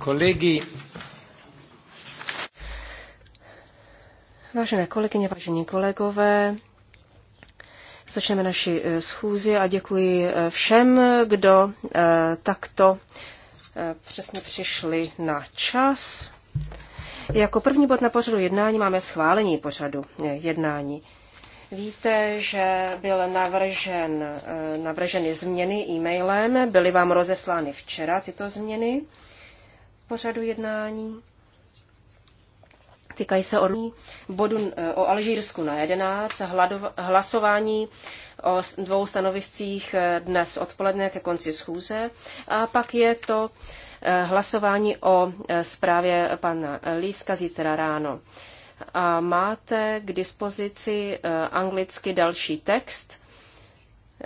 Kolegy. Vážené kolegyně, vážení kolegové, začneme naši eh, schůzi a děkuji eh, všem, kdo eh, takto přesně přišli na čas. Jako první bod na pořadu jednání máme schválení pořadu jednání. Víte, že byl navržen, navrženy změny e-mailem, byly vám rozeslány včera tyto změny pořadu jednání. Týkají se od bodu eh, o Alžírsku na 11, hlasování o dvou stanoviscích eh, dnes odpoledne ke konci schůze. A pak je to eh, hlasování o zprávě pana Líska zítra ráno. A máte k dispozici anglicky další text,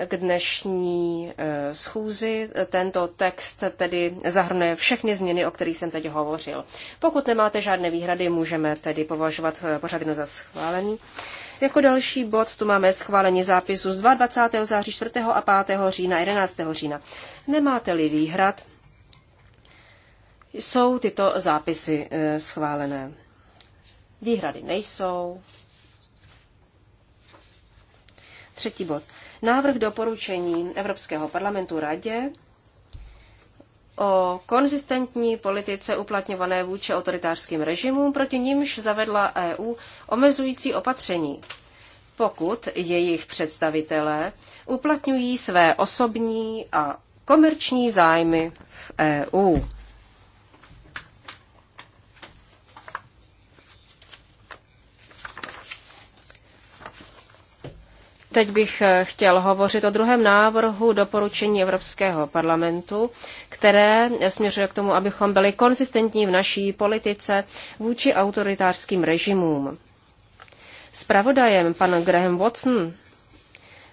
k dnešní eh, schůzi. Tento text tedy zahrnuje všechny změny, o kterých jsem teď hovořil. Pokud nemáte žádné výhrady, můžeme tedy považovat eh, pořad za schválený. Jako další bod tu máme schválení zápisu z 22. září 4. a 5. října 11. října. Nemáte-li výhrad, jsou tyto zápisy eh, schválené. Výhrady nejsou. Třetí bod. Návrh doporučení Evropského parlamentu radě o konzistentní politice uplatňované vůči autoritářským režimům, proti nímž zavedla EU omezující opatření, pokud jejich představitelé uplatňují své osobní a komerční zájmy v EU. Teď bych eh, chtěl hovořit o druhém návrhu doporučení Evropského parlamentu, které směřuje k tomu, abychom byli konzistentní v naší politice vůči autoritářským režimům. Spravodajem pan Graham Watson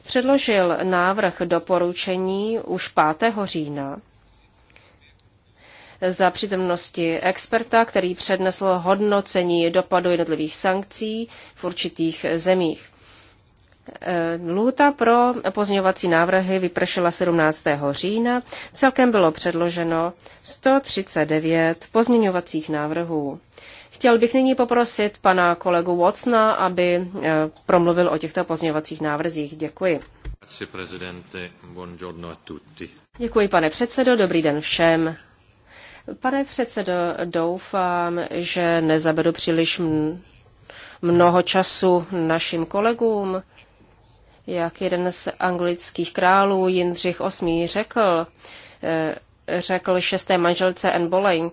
předložil návrh doporučení už 5. října za přítomnosti experta, který přednesl hodnocení dopadu jednotlivých sankcí v určitých zemích. Eh, Lhuta pro pozměňovací návrhy vypršela 17. října. Celkem bylo předloženo 139 pozměňovacích návrhů. Chtěl bych nyní poprosit pana kolegu Watsona, aby eh, promluvil o těchto pozměňovacích návrzích. Děkuji. Děkuji, pane předsedo. Dobrý den všem. Pane předsedo, doufám, že nezabedu příliš mnoho času našim kolegům jak jeden z anglických králů Jindřich VIII. řekl, eh, řekl šesté manželce Anne Boleyn,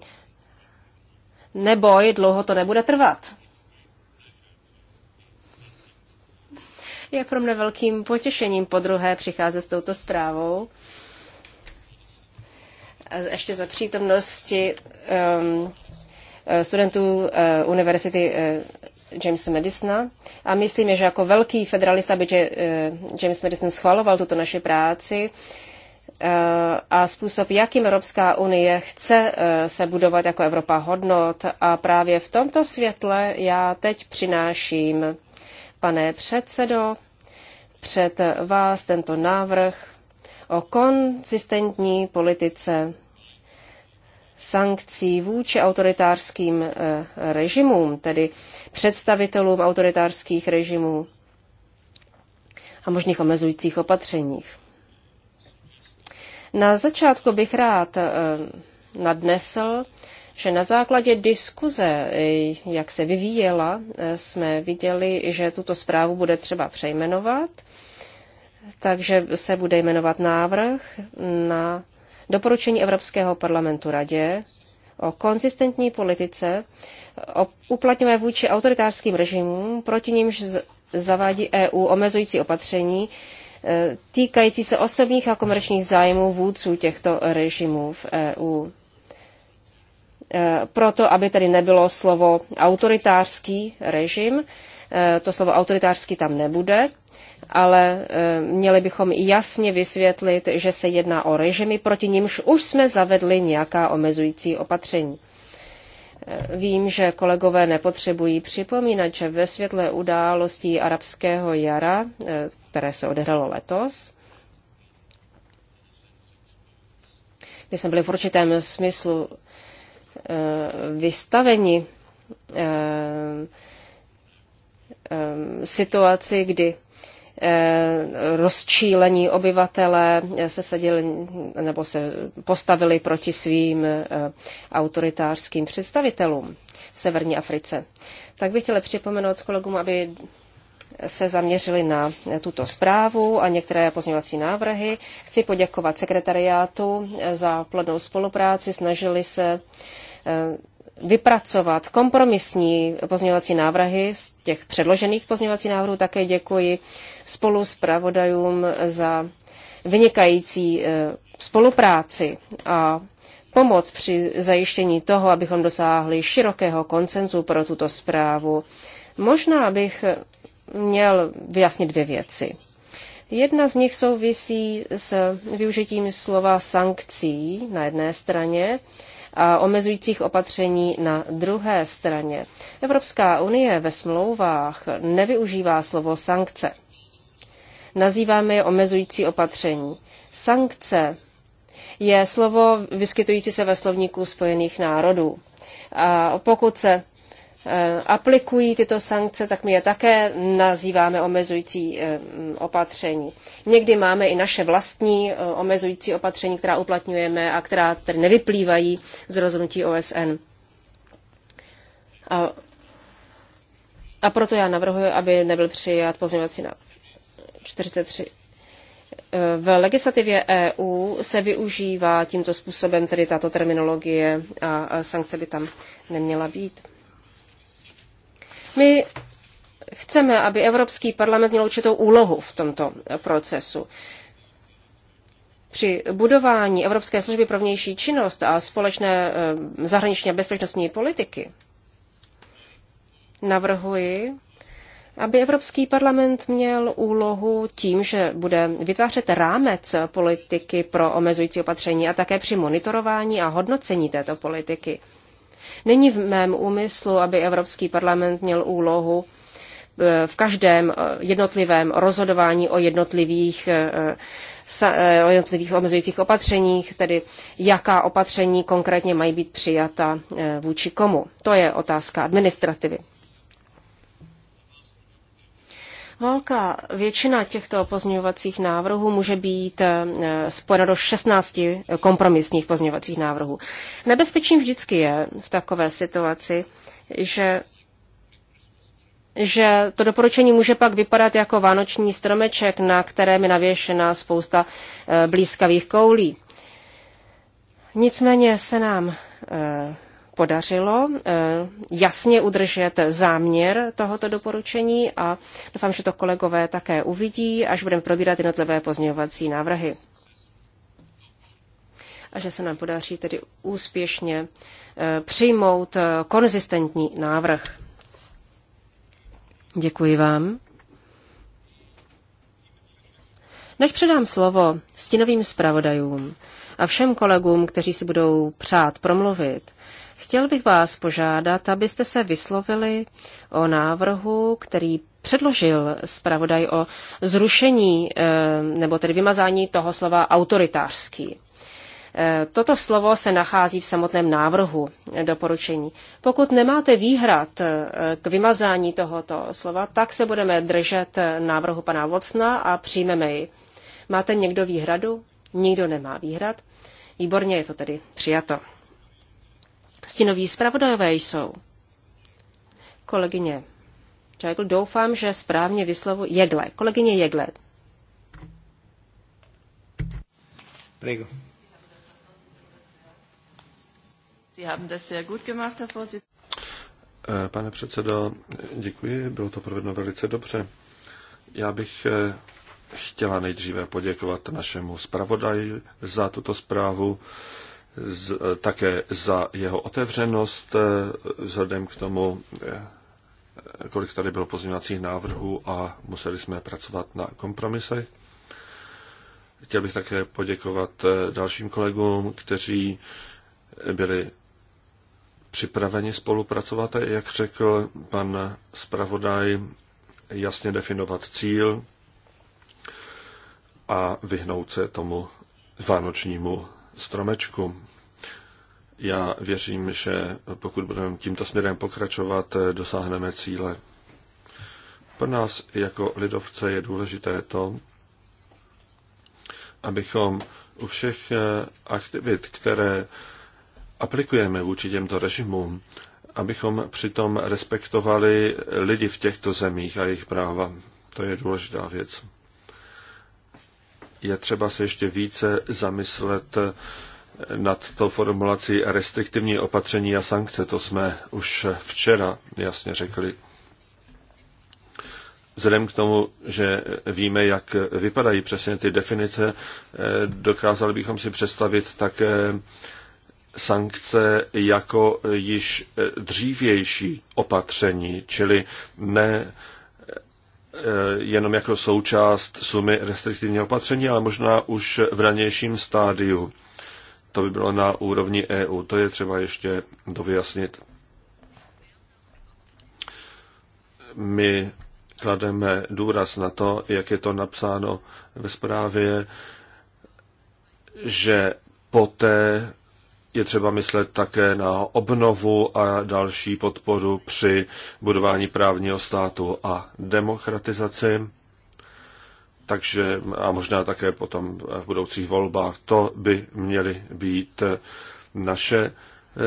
neboj, dlouho to nebude trvat. Je pro mne velkým potěšením po druhé přicházet s touto zprávou. A ještě za přítomnosti um, studentů uh, Univerzity James Madisona a myslíme, že jako velký federalista by eh, James Madison schvaloval tuto naši práci eh, a způsob, jakým Evropská unie chce eh, se budovat jako Evropa hodnot. A právě v tomto světle já teď přináším, pane předsedo, před vás tento návrh o konzistentní politice sankcí vůči autoritářským eh, režimům, tedy představitelům autoritářských režimů a možných omezujících opatřeních. Na začátku bych rád eh, nadnesl, že na základě diskuze, eh, jak se vyvíjela, jsme viděli, že tuto zprávu bude třeba přejmenovat, takže se bude jmenovat návrh na doporučení Evropského parlamentu radě o konzistentní politice o uplatňové vůči autoritářským režimům, proti nímž zavádí EU omezující opatření e, týkající se osobních a komerčních zájmů vůdců těchto režimů v EU. E, proto, aby tedy nebylo slovo autoritářský režim, e, to slovo autoritářský tam nebude, ale eh, měli bychom jasně vysvětlit, že se jedná o režimy, proti nimž už jsme zavedli nějaká omezující opatření. Eh, vím, že kolegové nepotřebují připomínat, že ve světle událostí arabského jara, eh, které se odehrálo letos, kdy jsme byli v určitém smyslu vystaveni situaci, kdy Eh, rozčílení obyvatelé eh, se seděli nebo se postavili proti svým eh, autoritářským představitelům v severní Africe. Tak bych chtěla připomenout kolegům, aby se zaměřili na tuto zprávu a některé pozměňovací návrhy. Chci poděkovat sekretariátu za plodnou spolupráci, snažili se vypracovat kompromisní pozměňovací návrhy z těch předložených pozměňovacích návrhů. Také děkuji spolu s pravodajům za vynikající eh, spolupráci a pomoc při zajištění toho, abychom dosáhli širokého koncenzu pro tuto zprávu. Možná bych měl vyjasnit dvě věci. Jedna z nich souvisí s využitím slova sankcí na jedné straně a omezujících opatření na druhé straně. Evropská unie ve smlouvách nevyužívá slovo sankce. Nazýváme je omezující opatření. Sankce je slovo vyskytující se ve slovníku Spojených národů. A pokud se Eh, aplikují tyto sankce, tak my je také nazýváme omezující eh, mm, opatření. Někdy máme i naše vlastní eh, omezující opatření, která uplatňujeme a která tedy nevyplývají z rozhodnutí OSN. A, a proto já navrhuji, aby nebyl přijat pozměňovací na 43. V legislativě EU se využívá tímto způsobem tedy tato terminologie a sankce by tam neměla být. My chceme, aby Evropský parlament měl určitou úlohu v tomto procesu. Při budování Evropské služby pro vnější činnost a společné eh, zahraniční a bezpečnostní politiky navrhuji, aby Evropský parlament měl úlohu tím, že bude vytvářet rámec politiky pro omezující opatření a také při monitorování a hodnocení této politiky. Není v mém úmyslu, aby Evropský parlament měl úlohu eh, v každém eh, jednotlivém rozhodování o jednotlivých, eh, o jednotlivých omezujících opatřeních, tedy jaká opatření konkrétně mají být přijata vůči komu. To je otázka administrativy. Velká většina těchto pozměňovacích návrhů může být eh, spojena do 16 kompromisních pozměňovacích návrhů. Nebezpečím vždycky je v takové situaci, že že to doporučení může pak vypadat jako vánoční stromeček, na kterém je navěšena spousta eh, blízkavých koulí. Nicméně se nám eh, podařilo eh, jasně udržet záměr tohoto doporučení a doufám, že to kolegové také uvidí, až budeme probírat jednotlivé pozměňovací návrhy. A že se nám podaří tedy úspěšně eh, přijmout eh, konzistentní návrh. Děkuji vám. Než předám slovo stinovým zpravodajům a všem kolegům, kteří si budou přát promluvit, Chtěl bych vás požádat, abyste se vyslovili o návrhu, který předložil zpravodaj o zrušení eh, nebo tedy vymazání toho slova autoritářský. Eh, toto slovo se nachází v samotném návrhu doporučení. Pokud nemáte výhrad eh, k vymazání tohoto slova, tak se budeme držet návrhu pana Vocna a přijmeme ji. Máte někdo výhradu? Nikdo nemá výhrad. Výborně je to tedy přijato. Stinoví zpravodajové jsou. Kolegyně Čajkl, doufám, že správně vyslovu Jegle. Kolegyně Jegle. Prego. Eh, pane předsedo, děkuji, bylo to provedeno velice dobře. Já bych eh, chtěla nejdříve poděkovat našemu zpravodaji za tuto zprávu z, také za jeho otevřenost eh, vzhledem k tomu, eh, kolik tady bylo pozměňovacích návrhů a museli jsme pracovat na kompromisech. Chtěl bych také poděkovat eh, dalším kolegům, kteří byli připraveni spolupracovat a jak řekl pan zpravodaj, jasně definovat cíl a vyhnout se tomu vánočnímu stromečku. Já věřím, že pokud budeme tímto směrem pokračovat, dosáhneme cíle. Pro nás jako lidovce je důležité to, abychom u všech eh, aktivit, které aplikujeme vůči těmto režimům, abychom přitom respektovali lidi v těchto zemích a jejich práva. To je důležitá věc je třeba se ještě více zamyslet nad to formulací restriktivní opatření a sankce. To jsme už včera jasně řekli. Vzhledem k tomu, že víme, jak vypadají přesně ty definice, dokázali bychom si představit také sankce jako již dřívější opatření, čili ne Eh, jenom jako součást sumy restriktivního opatření, ale možná už v ranějším stádiu. To by bylo na úrovni EU. To je třeba ještě dovyjasnit. My klademe důraz na to, jak je to napsáno ve zprávě, že poté, je třeba myslet také na obnovu a další podporu při budování právního státu a demokratizaci. Takže a možná také potom v budoucích volbách. To by měly být naše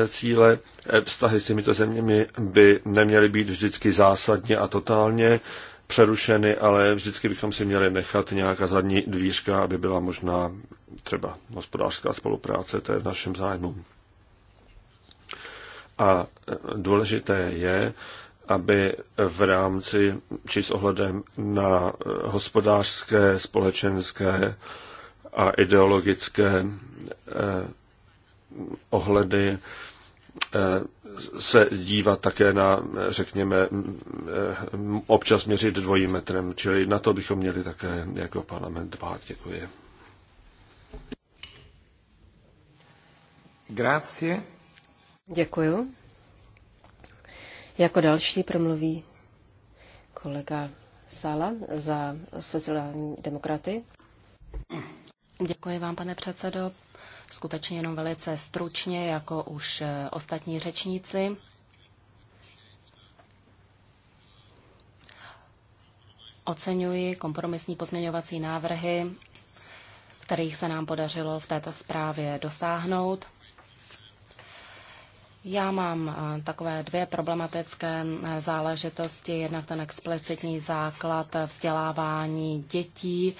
cíle. Vztahy s těmito zeměmi by neměly být vždycky zásadně a totálně přerušeny, ale vždycky bychom si měli nechat nějaká zadní dvířka, aby byla možná třeba hospodářská spolupráce, to je v našem zájmu. A důležité je, aby v rámci či s ohledem na hospodářské, společenské a ideologické eh, ohledy eh, se dívat také na, řekněme, eh, občas měřit dvojím metrem, čili na to bychom měli také jako parlament dbát. Děkuji. Grazie. Děkuju. Jako další promluví kolega Sala za sociální demokraty. Děkuji vám, pane předsedo. Skutečně jenom velice stručně, jako už eh, ostatní řečníci. Oceňuji kompromisní pozměňovací návrhy, kterých se nám podařilo v této zprávě dosáhnout. Já mám eh, takové dvě problematické eh, záležitosti. Jednak ten explicitní základ eh, vzdělávání dětí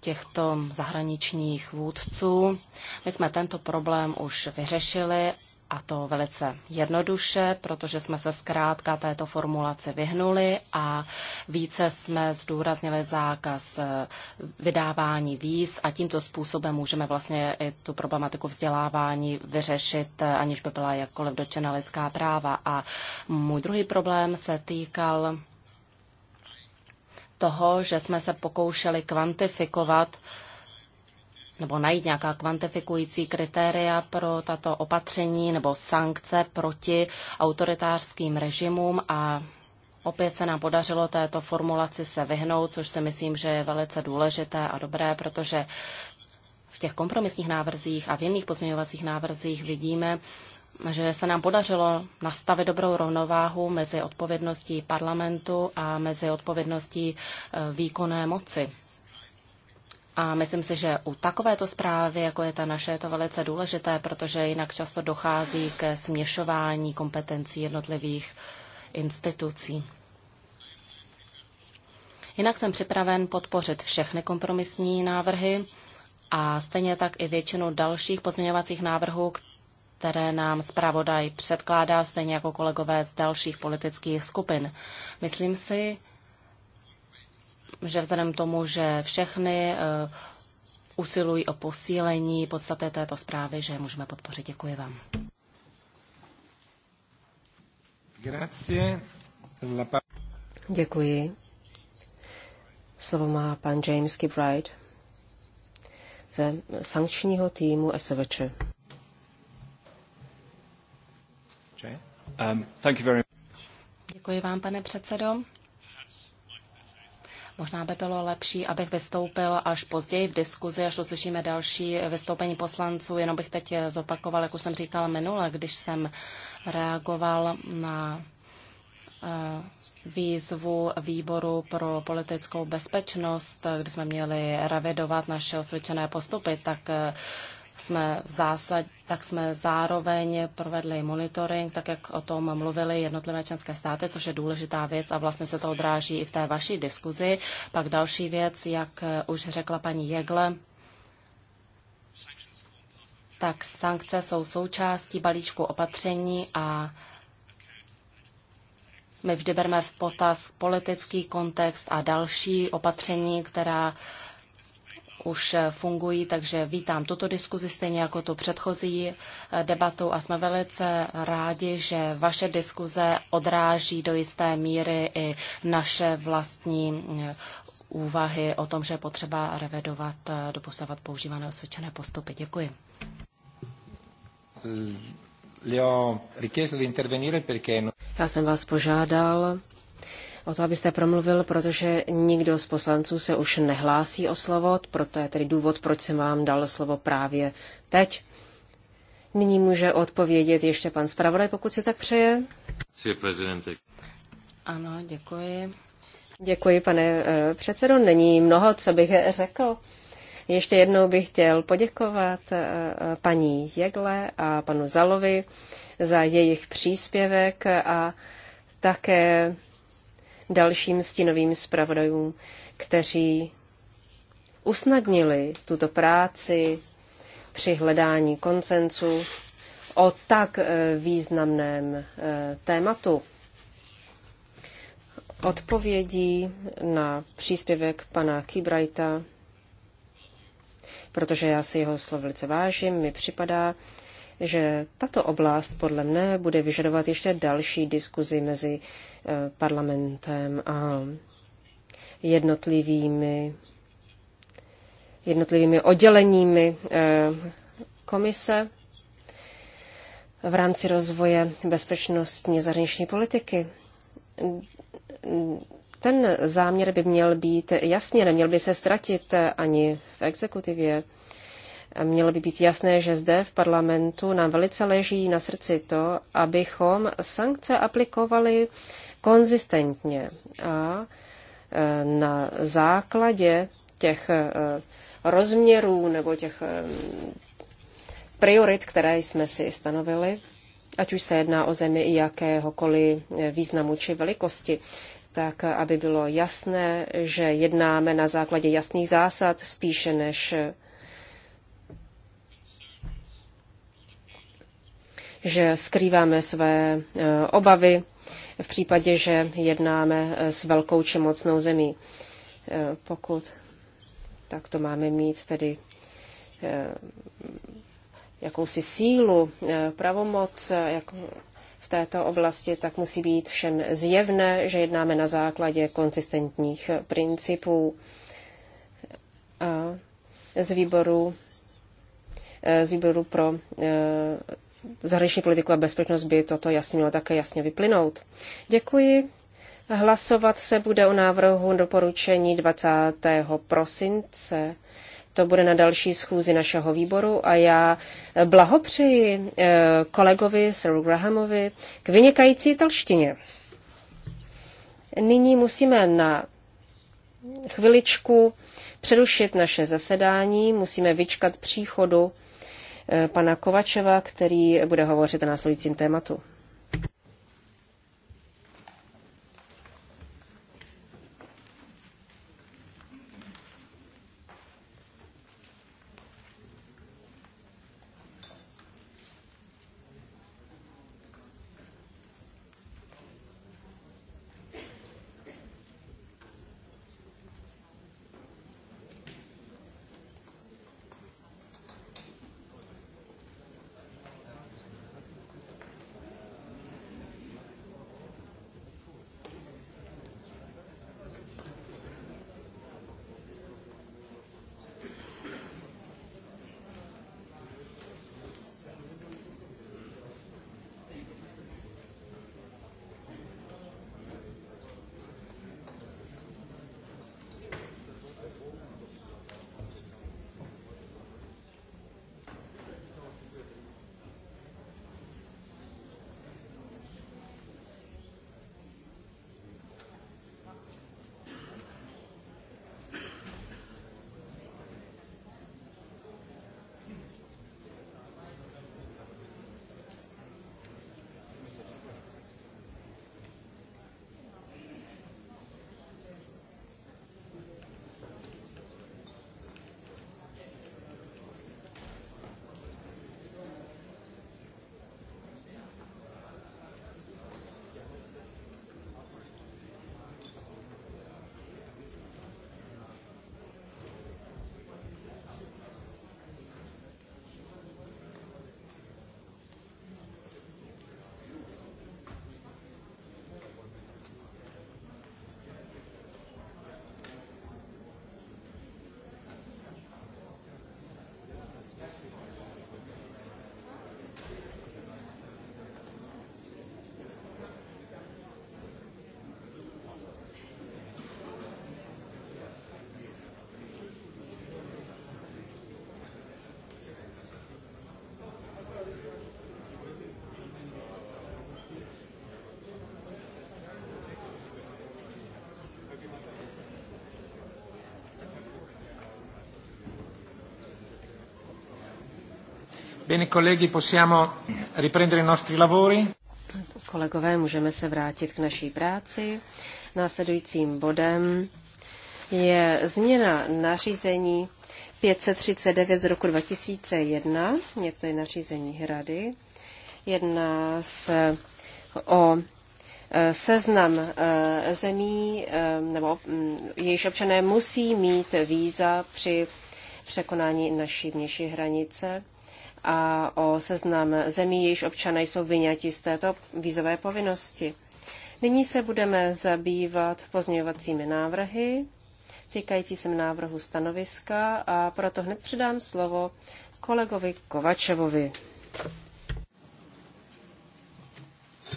těchto zahraničních vůdců. My jsme tento problém už vyřešili a to velice jednoduše, protože jsme se zkrátka této formulaci vyhnuli a více jsme zdůraznili zákaz eh, vydávání víz a tímto způsobem můžeme vlastně i tu problematiku vzdělávání vyřešit, eh, aniž by byla jakkoliv dočena lidská práva. A můj druhý problém se týkal toho, že jsme se pokoušeli kvantifikovat uh, nebo najít nějaká kvantifikující kritéria pro tato opatření nebo sankce proti autoritářským režimům a Opět se nám podařilo této formulaci se vyhnout, což si myslím, že je velice důležité a dobré, protože v těch kompromisních návrzích a v jiných pozměňovacích návrzích vidíme, že se nám podařilo nastavit dobrou rovnováhu mezi odpovědností parlamentu a mezi odpovědností eh, výkonné moci. A myslím si, že u takovéto zprávy, jako je ta naše, je to velice důležité, protože jinak často dochází ke směšování kompetencí jednotlivých institucí. Jinak jsem připraven podpořit všechny kompromisní návrhy a stejně tak i většinu dalších pozměňovacích návrhů, které nám zpravodaj předkládá, stejně jako kolegové z dalších politických skupin. Myslím si, že vzhledem tomu, že všechny eh, usilují o posílení podstaty této zprávy, že můžeme podpořit. Děkuji vám. Děkuji. Slovo má pan James Gibride ze sankčního týmu SVČ. Um, Děkuji vám, pane předsedo. Možná by bylo lepší, abych vystoupil až později v diskuzi, až uslyšíme další vystoupení poslanců. Jenom bych teď zopakoval, jak už jsem říkal minule, když jsem reagoval na eh, výzvu výboru pro politickou bezpečnost, kdy jsme měli revidovat naše osvědčené postupy, tak eh, jsme v zásad, tak jsme zároveň provedli monitoring, tak jak o tom mluvili jednotlivé členské státy, což je důležitá věc a vlastně se to odráží i v té vaší diskuzi. Pak další věc, jak už řekla paní Jegle, tak sankce jsou součástí balíčku opatření a my vždy bereme v potaz politický kontext a další opatření, která uh, už fungují, takže vítám tuto diskuzi stejně jako tu předchozí eh, debatu a jsme velice rádi, že vaše diskuze odráží do jisté míry i naše vlastní eh, úvahy o tom, že je potřeba revedovat eh, doposavat používané osvědčené postupy. Děkuji. Já jsem vás požádal, o to, abyste promluvil, protože nikdo z poslanců se už nehlásí o slovo, proto je tedy důvod, proč jsem vám dal slovo právě teď. Nyní může odpovědět ještě pan zpravodaj, pokud si tak přeje. Ano, děkuji. Děkuji, pane eh, předsedo. Není mnoho, co bych řekl. Ještě jednou bych chtěl poděkovat eh, paní Jegle a panu Zalovi za jejich příspěvek a také dalším stínovým zpravodajům, kteří usnadnili tuto práci při hledání koncensu o tak eh, významném eh, tématu. Odpovědí na příspěvek pana Kibrajta, protože já si jeho slov velice vážím, mi připadá, že tato oblast podle mne bude vyžadovat ještě další diskuzi mezi eh, parlamentem a jednotlivými, jednotlivými odděleními eh, komise v rámci rozvoje bezpečnostní zahraniční politiky. Ten záměr by měl být jasně, neměl by se ztratit ani v exekutivě. Mělo by být jasné, že zde v parlamentu nám velice leží na srdci to, abychom sankce aplikovali konzistentně a e, na základě těch e, rozměrů nebo těch e, priorit, které jsme si stanovili, ať už se jedná o zemi i jakéhokoliv významu či velikosti, tak aby bylo jasné, že jednáme na základě jasných zásad spíše než že skrýváme své eh, obavy v případě, že jednáme eh, s velkou či mocnou zemí. Eh, pokud tak to máme mít tedy jakousi sílu, pravomoc jak v této oblasti, tak musí být všem zjevné, že jednáme na základě konsistentních principů. z výboru, z výboru pro zahraniční politiku a bezpečnost by toto jasně mělo také jasně vyplynout. Děkuji. Hlasovat se bude o návrhu doporučení 20. prosince. To bude na další schůzi našeho výboru a já blahopřeji eh, kolegovi Saru Grahamovi k vynikající talštině. Nyní musíme na chviličku přerušit naše zasedání, musíme vyčkat příchodu pana Kovačeva, který bude hovořit o následujícím tématu. Bene, kolegy, possiamo riprendere i nostri lavori. Kolegové, můžeme se vrátit k naší práci. Následujícím bodem je změna nařízení 539 z roku 2001. Je to je nařízení Hrady. Jedná se o e, seznam e, zemí, e, nebo mm, jejíž občané musí mít víza při překonání naší vnější hranice a o seznam zemí, jejichž občané jsou vyňati z této vízové povinnosti. Nyní se budeme zabývat pozměňovacími návrhy týkající se návrhu stanoviska a proto hned předám slovo kolegovi Kovačevovi.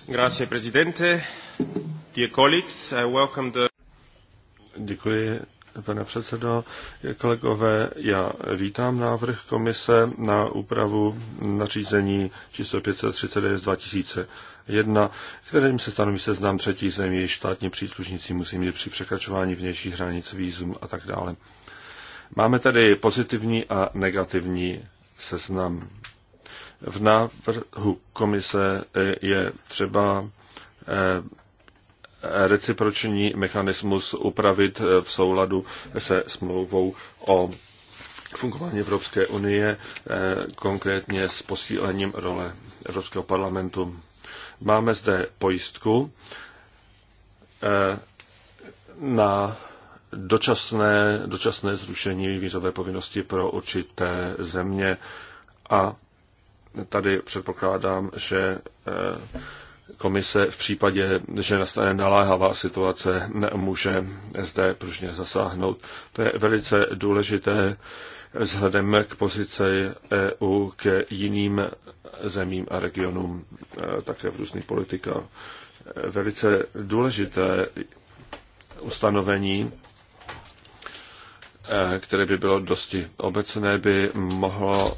Grazie, prezidente. Dear colleagues, I welcome the... Děkuji, pane předsedo. Kolegové, já vítám návrh komise na úpravu nařízení číslo 539 z 2001, kterým se stanoví seznam třetí zemí, štátní příslušníci musí mít při překračování vnějších hranic výzum a tak dále. Máme tady pozitivní a negativní seznam. V návrhu komise je třeba eh, reciproční mechanismus upravit eh, v souladu se smlouvou o fungování Evropské unie, eh, konkrétně s posílením role Evropského parlamentu. Máme zde pojistku eh, na dočasné, dočasné zrušení vízové povinnosti pro určité země a tady předpokládám, že komise v případě, že nastane naléhavá situace, může zde pružně zasáhnout. To je velice důležité vzhledem k pozici EU k jiným zemím a regionům, eh, také v různých politikách. Eh, velice důležité ustanovení, eh, které by bylo dosti obecné, by mohlo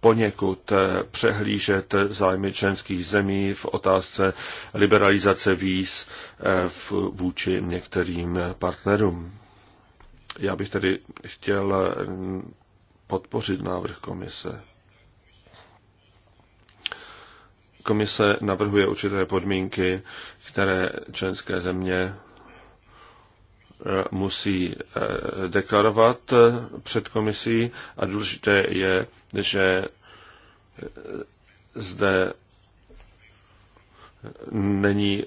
poněkud eh, přehlížet zájmy členských zemí v otázce liberalizace víz eh, vůči některým partnerům. Já bych tedy chtěl eh, podpořit návrh komise. Komise navrhuje určité podmínky, které členské země Eh, musí eh, deklarovat eh, před komisí a důležité je, že zde není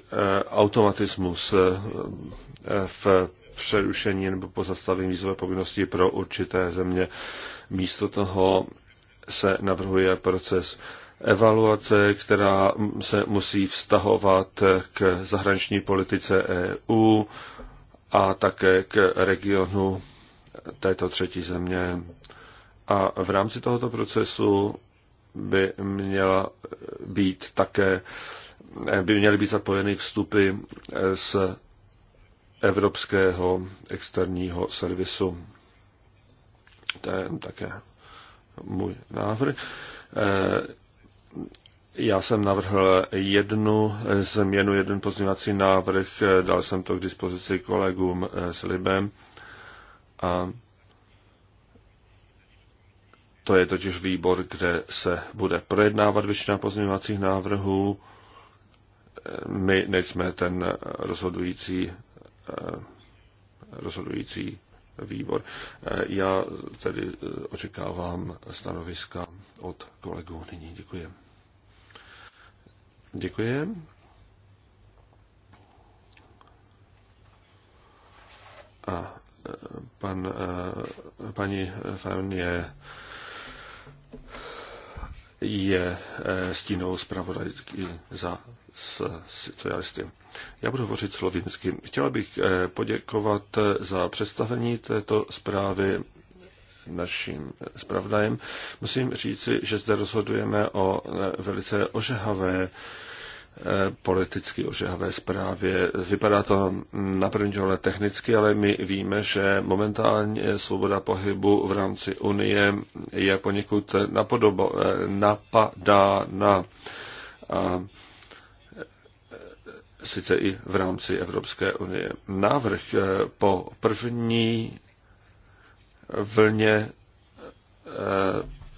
automatismus v přerušení nebo pozastavení vízové povinnosti pro určité země. Místo toho se navrhuje proces evaluace, která se musí vztahovat k zahraniční politice EU, a také k regionu této třetí země. A v rámci tohoto procesu by měla být také by měly být zapojeny vstupy z Evropského externího servisu. To je také můj návrh. Já jsem navrhl jednu změnu, jeden pozměňovací návrh, dal jsem to k dispozici kolegům eh, s Libem. A to je totiž výbor, kde se bude projednávat většina pozměňovacích návrhů. Eh, my nejsme ten rozhodující, eh, rozhodující výbor. Já tedy očekávám stanoviska od kolegů nyní. Děkuji. Děkuji. A e, pan, e, paní Fajon je, je e, stínou zpravodajky za socialisty. Já budu hovořit slovinsky. Chtěla bych poděkovat za představení této zprávy naším zpravdajem, musím říci, že zde rozhodujeme o eh, velice ožehavé eh, politicky ožehavé zprávě. Vypadá to na první dole technicky, ale my víme, že momentálně svoboda pohybu v rámci Unie je poněkud napodobo, eh, napadána. A sice i v rámci Evropské unie. Návrh po první vlně eh,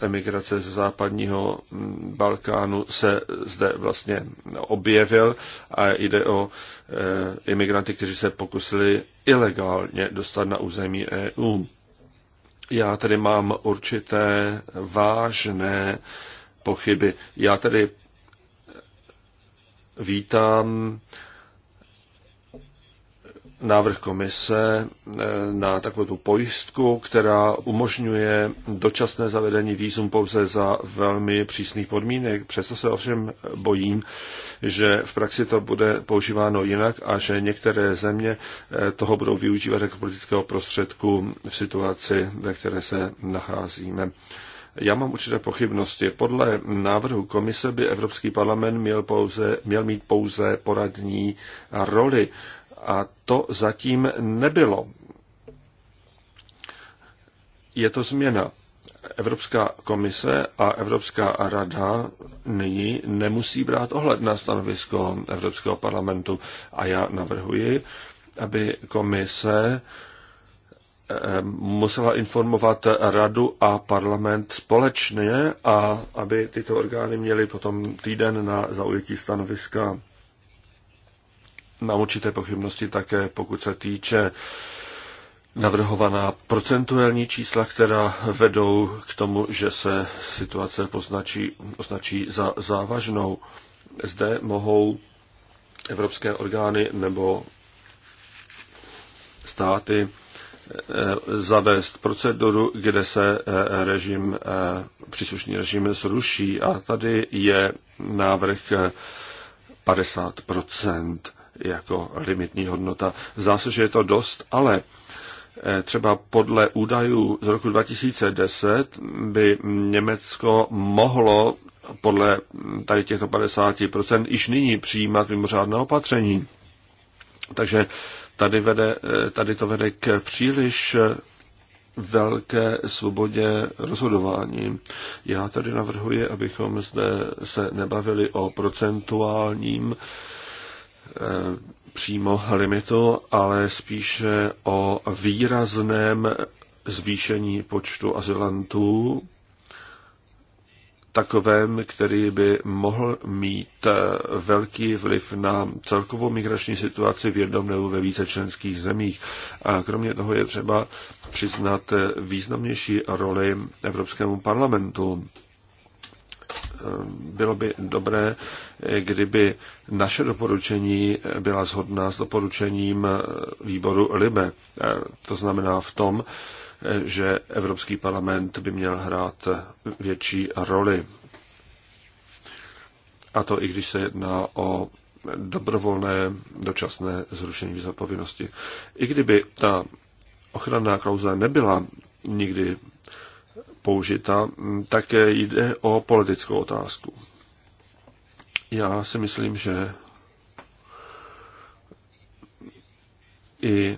emigrace ze západního Balkánu se zde vlastně objevil a jde o eh, imigranty, kteří se pokusili ilegálně dostat na území EU. Já tady mám určité vážné pochyby. Já tady vítám eh, návrh komise eh, na takovou tu pojistku, která umožňuje dočasné zavedení výzum pouze za velmi přísných podmínek. Přesto se ovšem bojím, že v praxi to bude používáno jinak a že některé země eh, toho budou využívat jako politického prostředku v situaci, ve které se nacházíme. Já mám určité pochybnosti. Podle návrhu komise by Evropský parlament měl, pouze, měl mít pouze poradní roli a to zatím nebylo. Je to změna. Evropská komise a Evropská rada nyní nemusí brát ohled na stanovisko Evropského parlamentu. A já navrhuji, aby komise eh, musela informovat radu a parlament společně a aby tyto orgány měly potom týden na zaujetí stanoviska. Mám určité pochybnosti také, pokud se týče navrhovaná procentuální čísla, která vedou k tomu, že se situace poznačí, označí za závažnou. Zde mohou evropské orgány nebo státy eh, zavést proceduru, kde se eh, režim, eh, příslušný režim zruší a tady je návrh 50 jako limitní hodnota. Zdá se, že je to dost, ale eh, třeba podle údajů z roku 2010 by Německo mohlo podle tady těchto 50% již nyní přijímat mimořádné opatření. Takže tady, vede, eh, tady to vede k příliš eh, velké svobodě rozhodování. Já tady navrhuji, abychom zde se nebavili o procentuálním eh, Eh, přímo limitu, ale spíše o výrazném zvýšení počtu azylantů, takovém, který by mohl mít eh, velký vliv na celkovou migrační situaci v jednom nebo ve více členských zemích. A kromě toho je třeba přiznat eh, významnější roli Evropskému parlamentu bylo by dobré, kdyby naše doporučení byla shodná s doporučením výboru LIBE. E, to znamená v tom, že Evropský parlament by měl hrát větší roli. A to i když se jedná o dobrovolné dočasné zrušení výzapovinnosti. I kdyby ta ochranná klauzule nebyla nikdy použita, mm, tak jde o politickou otázku. Já si myslím, že i eh,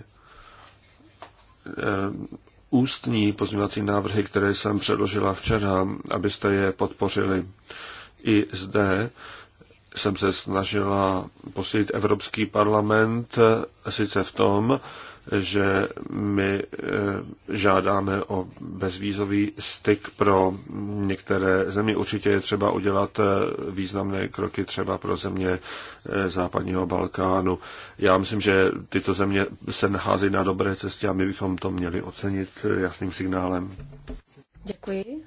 ústní pozměňovací návrhy, které jsem předložila včera, abyste je podpořili i zde, jsem se snažila posílit Evropský parlament sice v tom, že my e, žádáme o bezvízový styk pro některé země. Určitě je třeba udělat e, významné kroky třeba pro země e, západního Balkánu. Já myslím, že tyto země se nacházejí na dobré cestě a my bychom to měli ocenit jasným signálem. Děkuji.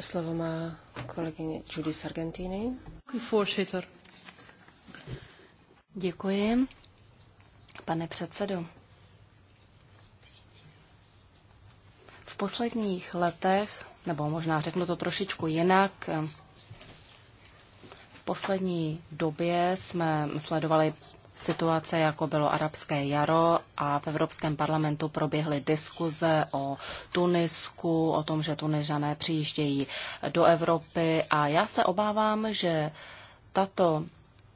Slovo má kolegyně Judy z Děkuji, pane předsedo. V posledních letech, nebo možná řeknu to trošičku jinak, v poslední době jsme sledovali situace, jako bylo arabské jaro a v Evropském parlamentu proběhly diskuze o Tunisku, o tom, že Tunižané přijíždějí do Evropy a já se obávám, že tato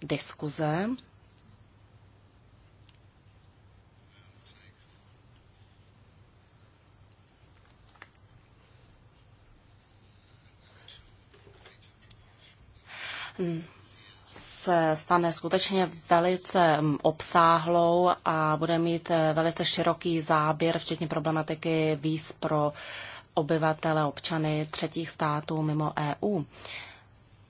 diskuze Hmm se stane skutečně velice mm, obsáhlou a bude mít eh, velice široký záběr, včetně problematiky víz pro obyvatele, občany třetích států mimo EU.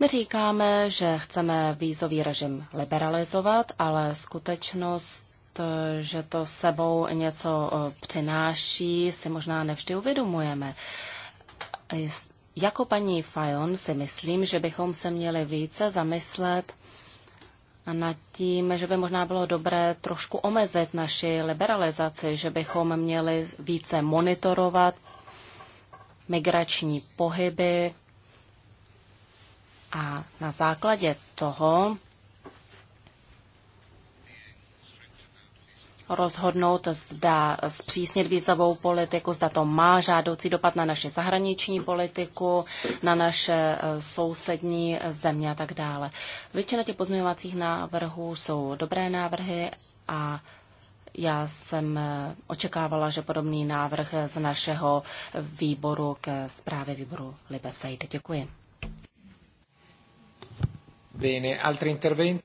My říkáme, že chceme vízový režim liberalizovat, ale skutečnost, eh, že to sebou něco eh, přináší, si možná nevždy uvědomujeme. Jako paní Fajon si myslím, že bychom se měli více zamyslet nad tím, že by možná bylo dobré trošku omezit naši liberalizaci, že bychom měli více monitorovat migrační pohyby a na základě toho rozhodnout, zda zpřísnit vízovou politiku, zda to má žádoucí dopad na naše zahraniční politiku, na naše eh, sousední země a tak dále. Většina těch pozměňovacích návrhů jsou dobré návrhy a já jsem eh, očekávala, že podobný návrh z našeho výboru k zprávě výboru Libe sejde. Děkuji. Bene, altri interventi?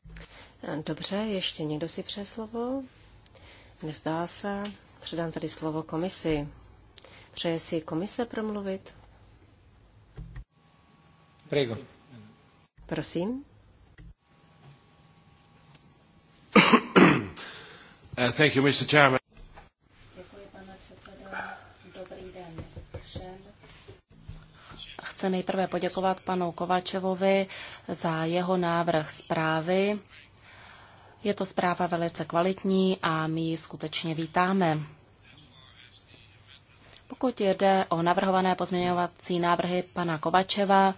Dobře, ještě někdo si přeje slovo? Nezdá se. Předám tady slovo komisi. Přeje si komise promluvit? Prego. Prosím. Uh, thank you, Mr. Chairman. Děkuji, pane předsedo. Dobrý den všem. Chci nejprve poděkovat panu Kovačevovi za jeho návrh zprávy. Je to zpráva velice kvalitní a my ji skutečně vítáme. Pokud jde o navrhované pozměňovací návrhy pana Kovačeva,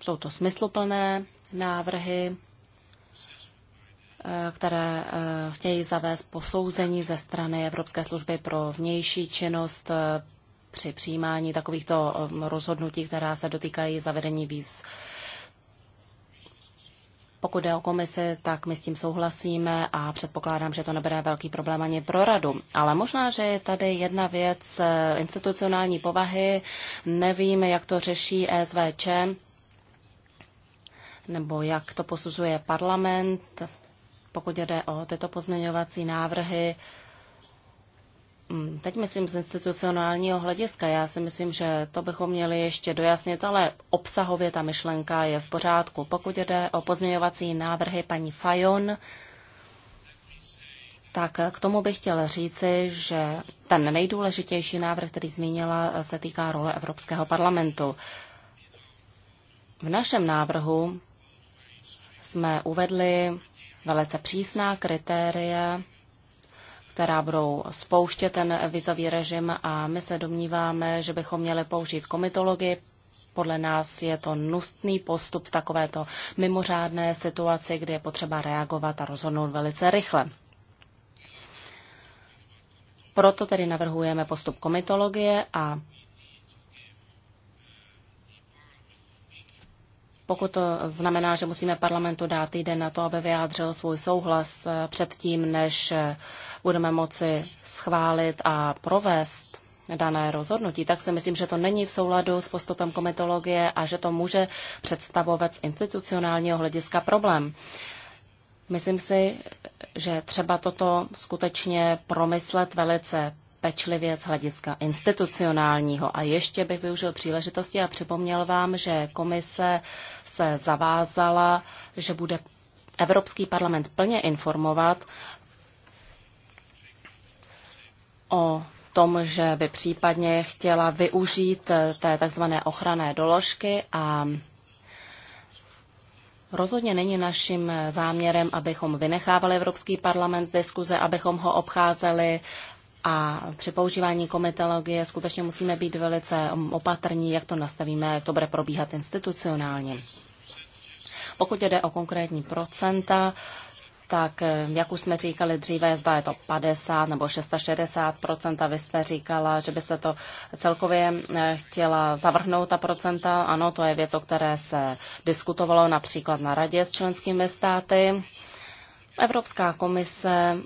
jsou to smysluplné návrhy, eh, které eh, chtějí zavést posouzení ze strany Evropské služby pro vnější činnost eh, při přijímání takovýchto rozhodnutí, která se dotýkají zavedení víz pokud jde o komisi, tak my s tím souhlasíme a předpokládám, že to nebude velký problém ani pro radu. Ale možná, že je tady jedna věc eh, institucionální povahy. Nevím, jak to řeší SVČ nebo jak to posuzuje parlament, pokud jde o tyto pozměňovací návrhy. Mm, teď myslím z institucionálního hlediska. Já si myslím, že to bychom měli ještě dojasnit, ale obsahově ta myšlenka je v pořádku. Pokud jde o pozměňovací návrhy paní Fajon, tak k tomu bych chtěl říci, že ten nejdůležitější návrh, který zmínila, se týká role Evropského parlamentu. V našem návrhu jsme uvedli velice přísná kritéria která budou spouštět ten vizový režim a my se domníváme, že bychom měli použít komitologii. Podle nás je to nutný postup v takovéto mimořádné situaci, kdy je potřeba reagovat a rozhodnout velice rychle. Proto tedy navrhujeme postup komitologie a pokud to znamená, že musíme parlamentu dát týden na to, aby vyjádřil svůj souhlas eh, předtím, než eh, budeme moci schválit a provést dané rozhodnutí, tak si myslím, že to není v souladu s postupem komitologie a že to může představovat z institucionálního hlediska problém. Myslím si, že třeba toto skutečně promyslet velice pečlivě z hlediska institucionálního. A ještě bych využil příležitosti a připomněl vám, že komise se zavázala, že bude Evropský parlament plně informovat o tom, že by případně chtěla využít té takzvané ochranné doložky a Rozhodně není naším záměrem, abychom vynechávali Evropský parlament z diskuze, abychom ho obcházeli a při používání kometologie skutečně musíme být velice um, opatrní, jak to nastavíme, jak to bude probíhat institucionálně. Pokud jde o konkrétní procenta, tak eh, jak už jsme říkali dříve, zda je to 50 nebo 660 a vy jste říkala, že byste to celkově eh, chtěla zavrhnout ta procenta. Ano, to je věc, o které se diskutovalo například na radě s členskými státy. Evropská komise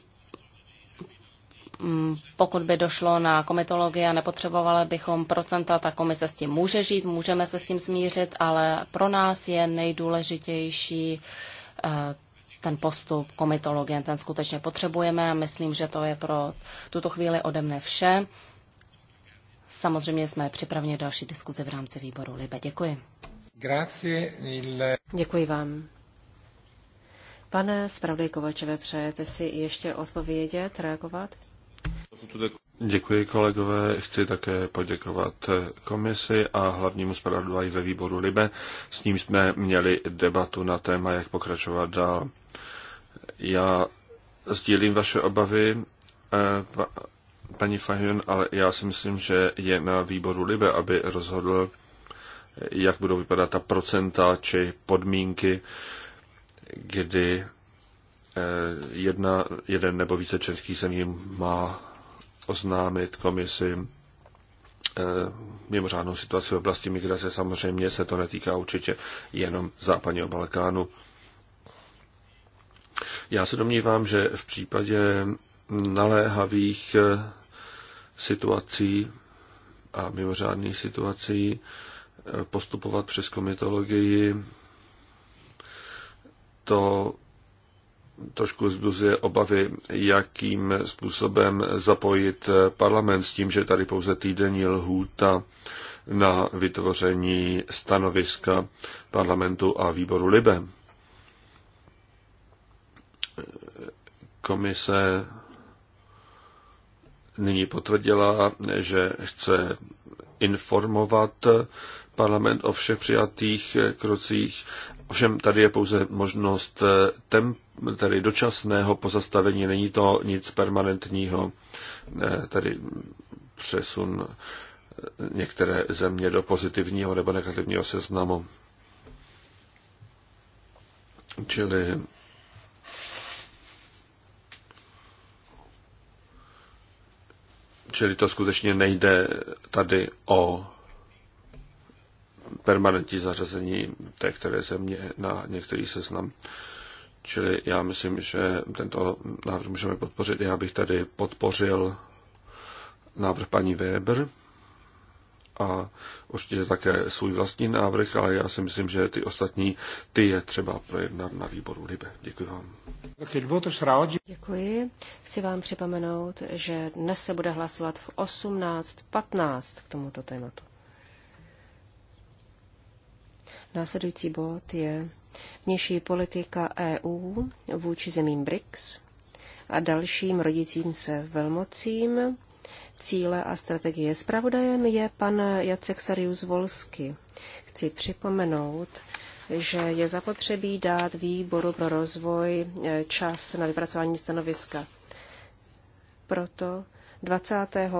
Mm, pokud by došlo na komitologii a nepotřebovali bychom procenta, ta komise s tím může žít, můžeme se s tím smířit, ale pro nás je nejdůležitější eh, ten postup komitologie, ten skutečně potřebujeme a myslím, že to je pro tuto chvíli ode mne vše. Samozřejmě jsme připraveni další diskuzi v rámci výboru Libe. Děkuji. Děkuji vám. Pane Spravdej Kovačeve, přejete si ještě odpovědět, reagovat? Děkuji kolegové, chci také poděkovat komisi a hlavnímu zpravodaji ve výboru Libe. S ním jsme měli debatu na téma, jak pokračovat dál. Já sdílím vaše obavy, eh, paní Fahyun, ale já si myslím, že je na výboru Libe, aby rozhodl, jak budou vypadat ta procenta či podmínky, kdy eh, jedna, jeden nebo více českých zemí má oznámit komisi eh, mimořádnou situaci v oblasti migrace. Samozřejmě se to netýká určitě jenom západního Balkánu. Já se domnívám, že v případě naléhavých eh, situací a mimořádných situací eh, postupovat přes komitologii, to trošku zbuzuje obavy, jakým způsobem zapojit parlament s tím, že tady pouze týdenní lhůta na vytvoření stanoviska parlamentu a výboru Libe. Komise nyní potvrdila, že chce informovat parlament o všech přijatých krocích Ovšem tady je pouze možnost eh, temp, tedy dočasného pozastavení, není to nic permanentního, eh, tedy přesun eh, některé země do pozitivního nebo negativního seznamu. Čili čili to skutečně nejde tady o permanentní zařazení té které země na některý seznam. Čili já myslím, že tento návrh můžeme podpořit. Já bych tady podpořil návrh paní Weber a určitě také svůj vlastní návrh, ale já si myslím, že ty ostatní, ty je třeba projednat na výboru Libe. Děkuji vám. Děkuji. Chci vám připomenout, že dnes se bude hlasovat v 18.15 k tomuto tématu. Následující bod je vnější politika EU vůči zemím BRICS a dalším rodicím se velmocím. Cíle a strategie. zpravodajem je pan Jacek Sarius Volsky. Chci připomenout, že je zapotřebí dát výboru pro rozvoj eh, čas na vypracování stanoviska. Proto 20. Eh,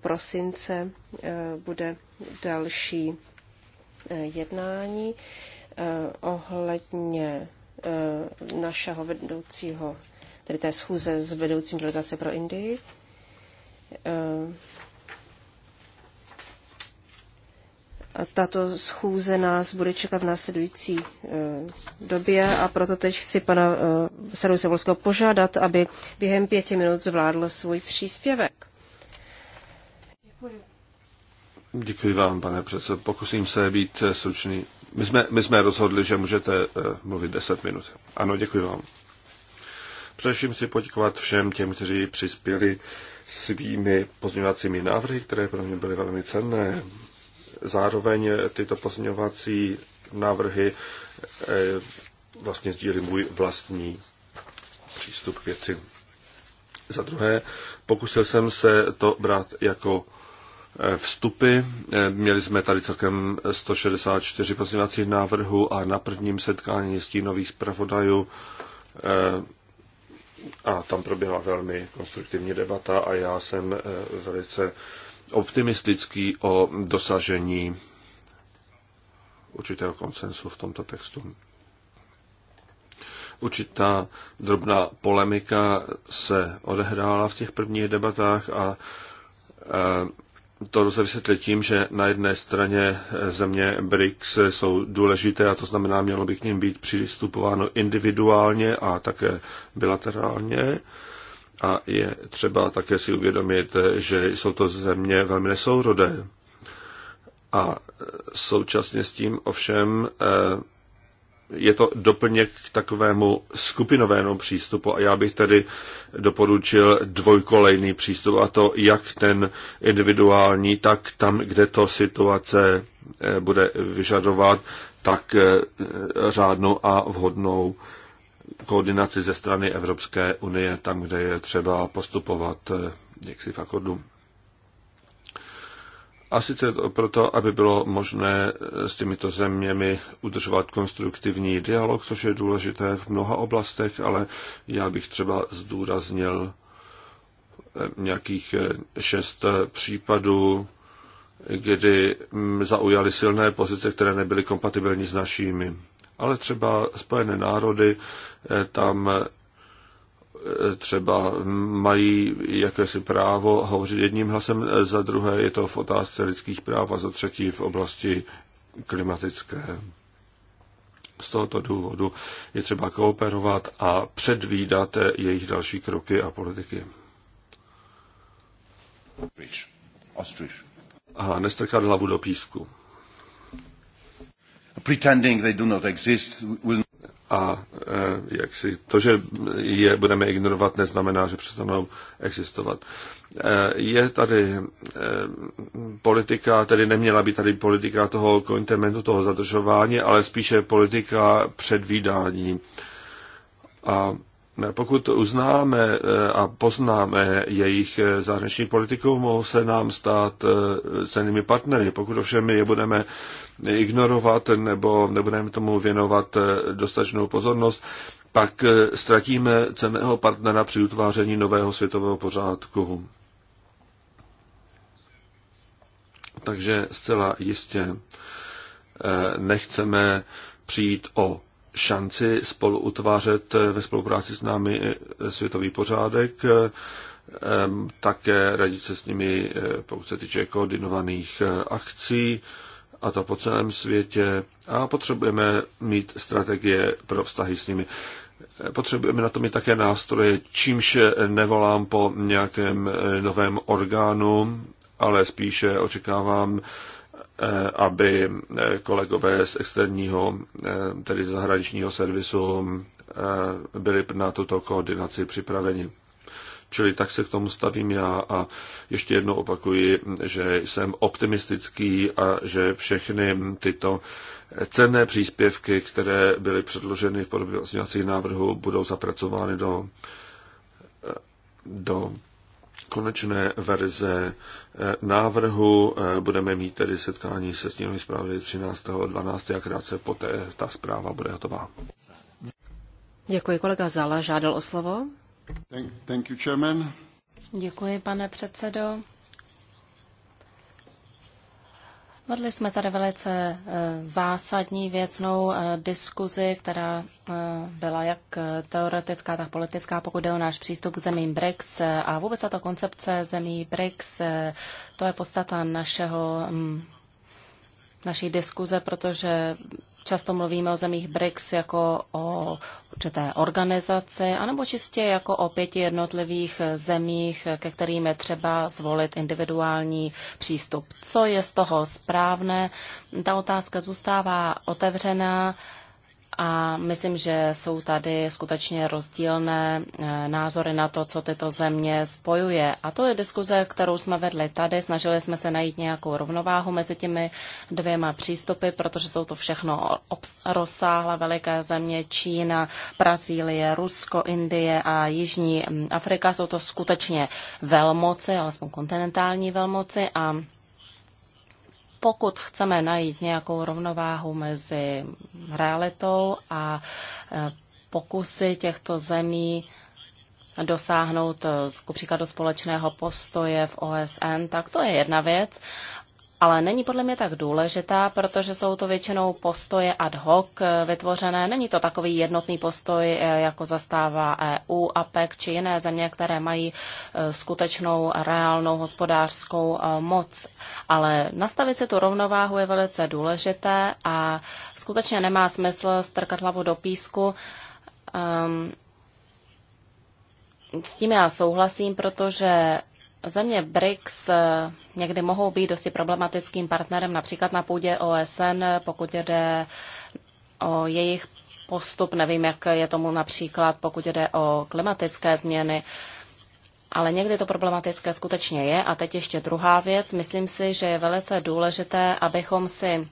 prosince eh, bude další jednání eh, ohledně eh, našeho vedoucího, tedy té schůze s vedoucím delegace pro Indii. Eh, a tato schůze nás bude čekat v následující době a proto teď chci pana Sadu Sevolského požádat, aby během pěti minut zvládl svůj příspěvek. Děkuji vám, pane předsedo. Pokusím se být stručný. My jsme, my jsme rozhodli, že můžete eh, mluvit 10 minut. Ano, děkuji vám. Především si poděkovat všem těm, kteří přispěli svými pozměňovacími návrhy, které pro mě byly velmi cenné. Zároveň tyto pozměňovací návrhy eh, vlastně sdílí můj vlastní přístup k věci. Za druhé, pokusil jsem se to brát jako Eh, vstupy. Eh, měli jsme tady celkem 164 pozměňovacích návrhů a na prvním setkání stínových zpravodajů eh, a tam proběhla velmi konstruktivní debata a já jsem velice optimistický o dosažení určitého konsensu v tomto textu. Určitá drobná polemika se odehrála v těch prvních debatách a to lze vysvětlit tím, že na jedné straně země BRICS jsou důležité a to znamená, mělo by k ním být přistupováno individuálně a také bilaterálně. A je třeba také si uvědomit, že jsou to země velmi nesourodé. A současně s tím ovšem eh, je to doplněk k takovému skupinovému přístupu a já bych tedy doporučil dvojkolejný přístup a to jak ten individuální, tak tam, kde to situace eh, bude vyžadovat, tak eh, řádnou a vhodnou koordinaci ze strany Evropské unie, tam, kde je třeba postupovat eh, jaksi v akordu a sice to proto, aby bylo možné s těmito zeměmi udržovat konstruktivní dialog, což je důležité v mnoha oblastech, ale já bych třeba zdůraznil eh, nějakých eh, šest eh, případů, kdy zaujali silné pozice, které nebyly kompatibilní s našimi. Ale třeba Spojené národy, tam třeba mají jakési právo hovořit jedním hlasem, za druhé je to v otázce lidských práv a za třetí v oblasti klimatické. Z tohoto důvodu je třeba kooperovat a předvídat jejich další kroky a politiky. Ostrich. Aha, nestrkat hlavu do písku. Pretending they do not exist will... A e, jak si, to, že je budeme ignorovat, neznamená, že přestanou existovat. E, je tady e, politika, tedy neměla by tady politika toho kontementu, toho zadržování, ale spíše politika předvídání. A pokud uznáme eh, a poznáme jejich eh, zahraniční politiku, mohou se nám stát eh, cenými partnery. Pokud ovšem je budeme ignorovat nebo nebudeme tomu věnovat dostatečnou pozornost, pak ztratíme ceného partnera při utváření nového světového pořádku. Takže zcela jistě nechceme přijít o šanci spolu utvářet eh, ve spolupráci s námi eh, světový pořádek, eh, také radit se s nimi, pokud se týče koordinovaných akcí, a to po celém světě. A potřebujeme mít strategie pro vztahy s nimi. Potřebujeme na to mít také nástroje, čímž nevolám po nějakém novém orgánu, ale spíše očekávám Eh, aby eh, kolegové z externího, eh, tedy zahraničního servisu, byli na tuto koordinaci připraveni. Čili tak se k tomu stavím já a ještě jednou opakuji, že jsem optimistický a že všechny tyto cenné příspěvky, které byly předloženy v podobě osměvacích návrhů, budou zapracovány do, do konečné verze eh, návrhu. Eh, budeme mít tedy setkání se sněmovými zprávy 13. a 12. a krátce poté ta zpráva bude hotová. Děkuji, kolega Zala žádal o slovo. Thank, thank you, chairman. Děkuji, pane předsedo. Vedli jsme tady velice eh, zásadní věcnou eh, diskuzi, která eh, byla jak teoretická, tak politická, pokud jde o náš přístup k zemím BRICS a vůbec tato koncepce zemí BRICS, to je podstata našeho mm, naší diskuze, protože často mluvíme o zemích BRICS jako o určité organizaci, anebo čistě jako o pěti jednotlivých zemích, ke kterým je třeba zvolit individuální přístup. Co je z toho správné? Ta otázka zůstává otevřená a myslím, že jsou tady skutečně rozdílné eh, názory na to, co tyto země spojuje. A to je diskuze, kterou jsme vedli tady. Snažili jsme se najít nějakou rovnováhu mezi těmi dvěma přístupy, protože jsou to všechno rozsáhla veliké země. Čína, Brazílie, Rusko, Indie a Jižní hm, Afrika. Jsou to skutečně velmoci, alespoň kontinentální velmoci a pokud chceme najít nějakou rovnováhu mezi realitou a e, pokusy těchto zemí dosáhnout e, ku příkladu společného postoje v OSN, tak to je jedna věc ale není podle mě tak důležitá, protože jsou to většinou postoje ad hoc eh, vytvořené. Není to takový jednotný postoj, eh, jako zastává EU, APEC či jiné země, které mají eh, skutečnou reálnou hospodářskou moc. Ale nastavit si tu rovnováhu je velice důležité a skutečně nemá smysl strkat hlavu do písku. Um, s tím já souhlasím, protože Země BRICS eh, někdy mohou být dosti problematickým partnerem, například na půdě OSN, pokud jde o jejich postup. Nevím, jak je tomu například, pokud jde o klimatické změny. Ale někdy to problematické skutečně je. A teď ještě druhá věc. Myslím si, že je velice důležité, abychom si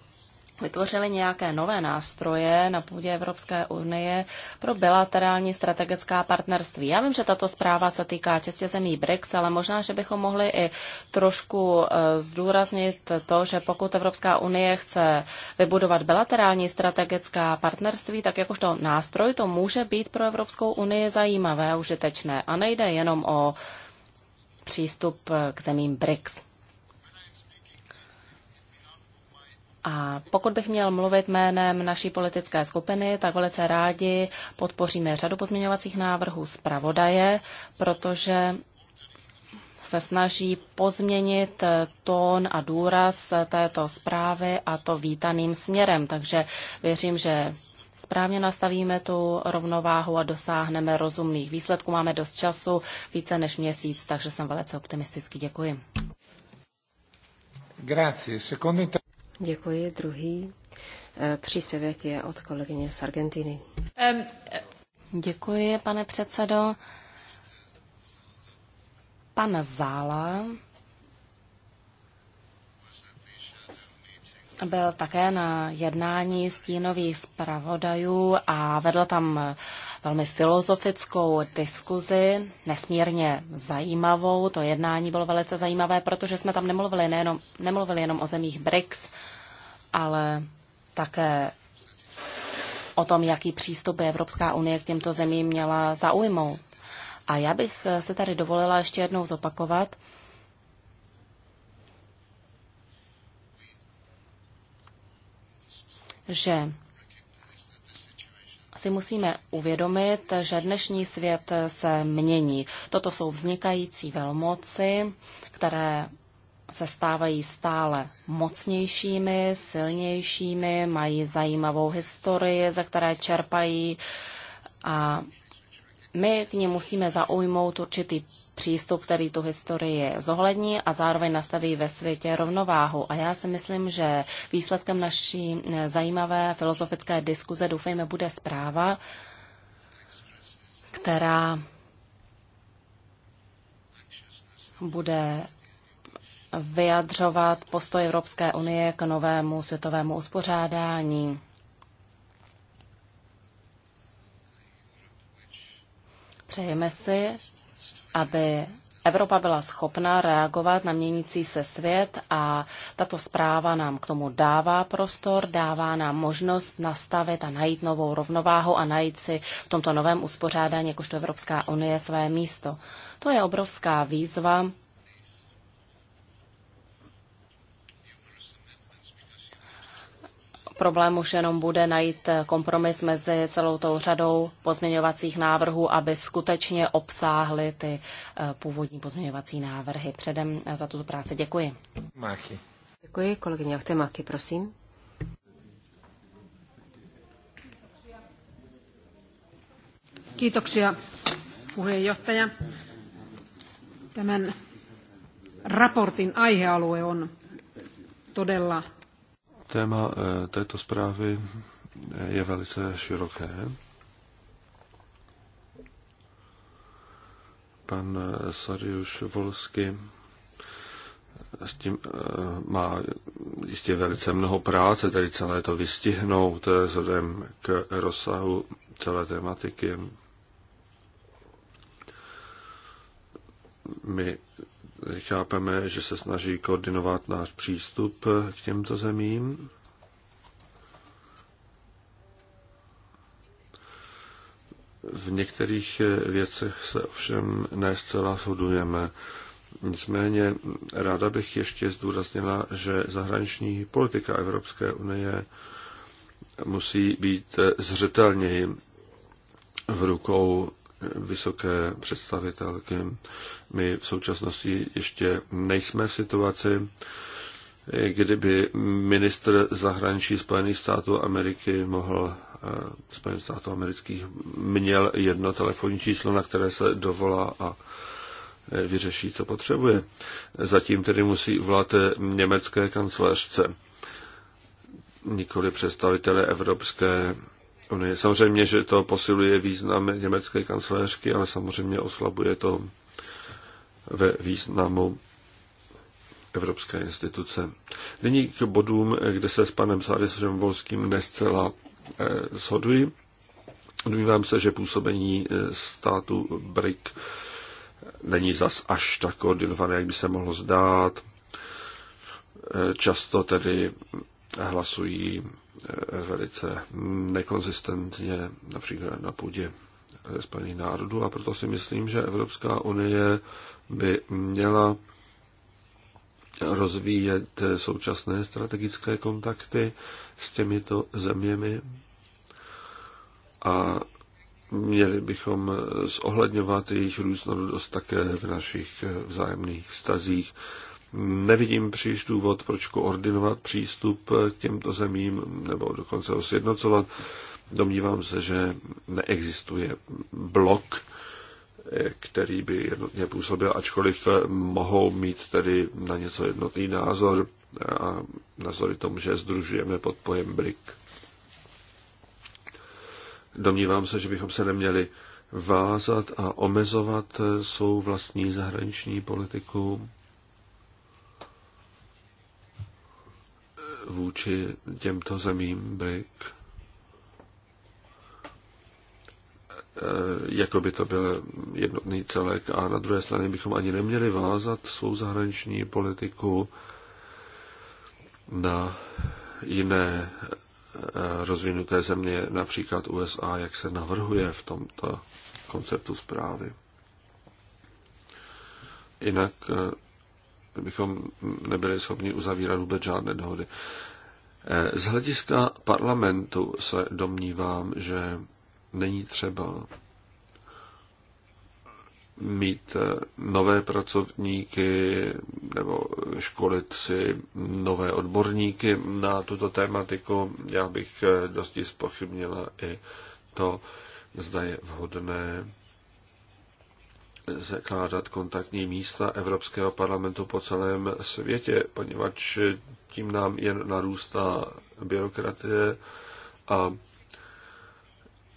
vytvořili nějaké nové nástroje na půdě Evropské unie pro bilaterální strategická partnerství. Já vím, že tato zpráva se týká čistě zemí BRICS, ale možná, že bychom mohli i trošku eh, zdůraznit to, že pokud Evropská unie chce vybudovat bilaterální strategická partnerství, tak jakožto nástroj to může být pro Evropskou unii zajímavé, užitečné. A nejde jenom o přístup k zemím BRICS. A pokud bych měl mluvit jménem naší politické skupiny, tak velice rádi podpoříme řadu pozměňovacích návrhů zpravodaje, protože se snaží pozměnit tón a důraz této zprávy a to vítaným směrem. Takže věřím, že správně nastavíme tu rovnováhu a dosáhneme rozumných výsledků. Máme dost času, více než měsíc, takže jsem velice optimistický. Děkuji. Grazie. Secondo Děkuji. Druhý eh, příspěvek je od kolegyně z Argentiny. Eh, Děkuji, pane předsedo. Pan Zála byl také na jednání stínových zpravodajů a vedl tam velmi filozofickou diskuzi, nesmírně zajímavou. To jednání bylo velice zajímavé, protože jsme tam nemluvili, nejenom, nemluvili jenom o zemích BRICS, ale také o tom, jaký přístup by Evropská unie k těmto zemím měla zaujmout. A já bych se tady dovolila ještě jednou zopakovat, že si musíme uvědomit, že dnešní svět se mění. Toto jsou vznikající velmoci, které se stávají stále mocnějšími, silnějšími, mají zajímavou historii, ze které čerpají a my k ní musíme zaujmout určitý přístup, který tu historii zohlední a zároveň nastaví ve světě rovnováhu. A já si myslím, že výsledkem naší zajímavé filozofické diskuze doufejme bude zpráva, která bude vyjadřovat postoj Evropské unie k novému světovému uspořádání. Přejeme si, aby Evropa byla schopna reagovat na měnící se svět a tato zpráva nám k tomu dává prostor, dává nám možnost nastavit a najít novou rovnováhu a najít si v tomto novém uspořádání, jakožto Evropská unie, své místo. To je obrovská výzva, problém už jenom bude najít kompromis mezi celou tou řadou pozměňovacích návrhů, aby skutečně obsáhly ty eh, původní pozměňovací návrhy. Předem eh, za tuto práci děkuji. Máky. Děkuji. Kolegyně Máky, prosím. Kiitoksia puheenjohtaja. Tämän raportin aihealue on todella Téma eh, této zprávy eh, je velice široké. Pan eh, Sariuš Volsky s tím má jistě velice mnoho práce, tedy celé to vystihnout vzhledem k rozsahu celé tematiky. My chápeme, že se snaží koordinovat náš přístup k těmto zemím. V některých věcech se ovšem ne zcela shodujeme. Nicméně ráda bych ještě zdůraznila, že zahraniční politika Evropské unie musí být zřetelněji v rukou vysoké představitelky. My v současnosti ještě nejsme v situaci, kdyby ministr zahraničí Spojených států Ameriky mohl eh, Spojených států amerických měl jedno telefonní číslo, na které se dovolá a eh, vyřeší, co potřebuje. Zatím tedy musí volat eh, německé kancléřce, nikoli představitele Evropské je Samozřejmě, že to posiluje význam německé kancelářky, ale samozřejmě oslabuje to ve významu Evropské instituce. Nyní k bodům, kde se s panem Sárisem Volským nescela eh, shodují. Domnívám se, že působení eh, státu BRIC není zas až tak koordinované, jak by se mohlo zdát. Eh, často tedy hlasují Eh, velice nekonzistentně například na půdě Spojených národů a proto si myslím, že Evropská unie by měla rozvíjet současné strategické kontakty s těmito zeměmi a měli bychom zohledňovat jejich různorodost také v našich eh, vzájemných vztazích. Nevidím příliš důvod, proč koordinovat přístup k těmto zemím nebo dokonce ho sjednocovat. Domnívám se, že neexistuje blok, který by jednotně působil, ačkoliv mohou mít tedy na něco jednotný názor a názory tomu, že združujeme pod pojem BRIC. Domnívám se, že bychom se neměli vázat a omezovat svou vlastní zahraniční politiku vůči těmto zemím BRIC. Eh, jako by to byl jednotný celek a na druhé straně bychom ani neměli vázat svou zahraniční politiku na jiné eh, rozvinuté země, například USA, jak se navrhuje v tomto konceptu zprávy. Jinak eh, bychom nebyli schopni uzavírat vůbec žádné dohody. Eh, z hlediska parlamentu se domnívám, že není třeba mít eh, nové pracovníky nebo školit si nové odborníky na tuto tématiku. Já bych eh, dosti spochybnila i to, zda je vhodné zakládat kontaktní místa Evropského parlamentu po celém světě, poněvadž tím nám jen narůstá byrokratie a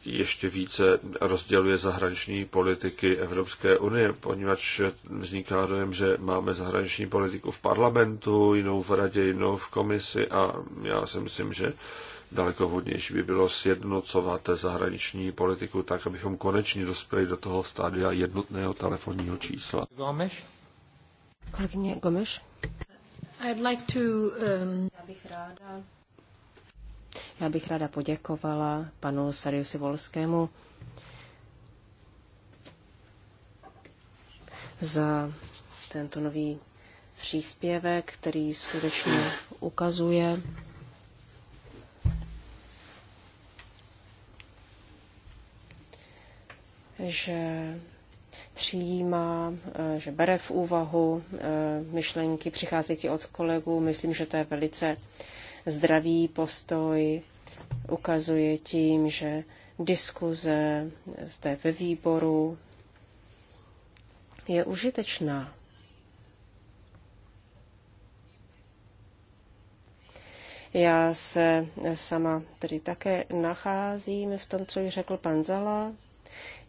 ještě více rozděluje zahraniční politiky Evropské unie, poněvadž vzniká dojem, že máme zahraniční politiku v parlamentu, jinou v radě, jinou v komisi a já si myslím, že daleko vhodnější by bylo sjednocovat zahraniční politiku tak, abychom konečně dospěli do toho stádia jednotného telefonního čísla. Gomeš? Kolegyně Gomeš? I'd like to, um... Já bych ráda já bych ráda poděkovala panu Sariusi Volskému za tento nový příspěvek, který skutečně ukazuje, že přijímá, eh, že bere v úvahu eh, myšlenky přicházející od kolegů. Myslím, že to je velice zdravý postoj. Ukazuje tím, že diskuze zde ve výboru je užitečná. Já se sama tedy také nacházím v tom, co již řekl pan Zala.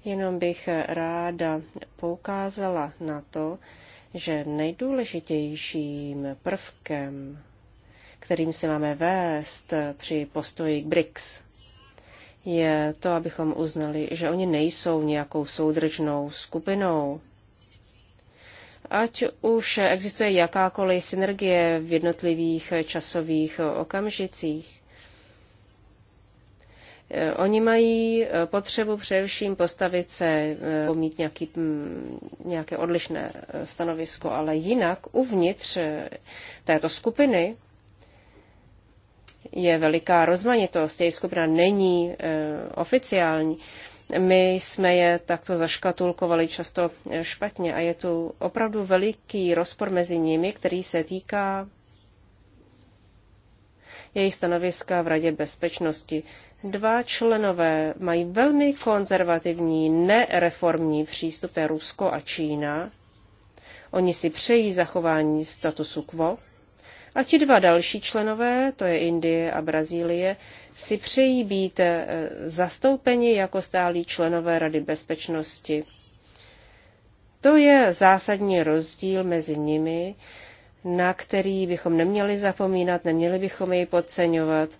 Jenom bych ráda poukázala na to, že nejdůležitějším prvkem, kterým si máme vést při postoji k BRICS, je to, abychom uznali, že oni nejsou nějakou soudržnou skupinou. Ať už existuje jakákoliv synergie v jednotlivých časových okamžicích, Eh, oni mají eh, potřebu především postavit se, eh, mít nějaký, mm, nějaké odlišné stanovisko, ale jinak uvnitř této skupiny je veliká rozmanitost. Její skupina není oficiální. My jsme je takto zaškatulkovali často špatně a je tu opravdu veliký rozpor mezi nimi, který se týká jejich stanoviska v Radě bezpečnosti. Dva členové mají velmi konzervativní, nereformní přístup, to je Rusko a Čína. Oni si přejí zachování statusu quo. A ti dva další členové, to je Indie a Brazílie, si přejí být eh, zastoupeni jako stálí členové Rady bezpečnosti. To je zásadní rozdíl mezi nimi, na který bychom neměli zapomínat, neměli bychom jej podceňovat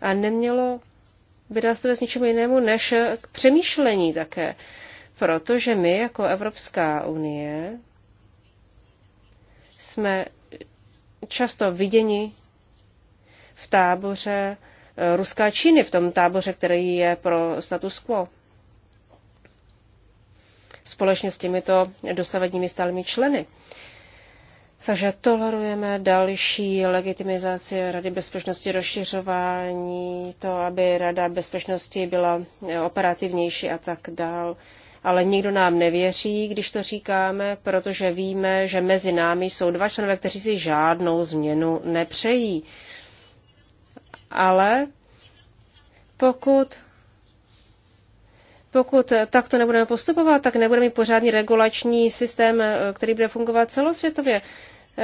a nemělo vydavatelství s ničemu jinému než k přemýšlení také. Protože my jako Evropská unie jsme často viděni v táboře eh, Ruská Číny, v tom táboře, který je pro status quo. Společně s těmito dosavadními stálými členy. Takže tolerujeme další legitimizaci Rady bezpečnosti, rozšiřování, to, aby Rada bezpečnosti byla operativnější a tak dál. Ale nikdo nám nevěří, když to říkáme, protože víme, že mezi námi jsou dva členové, kteří si žádnou změnu nepřejí. Ale pokud pokud takto nebudeme postupovat, tak nebudeme mít pořádný regulační systém, který bude fungovat celosvětově.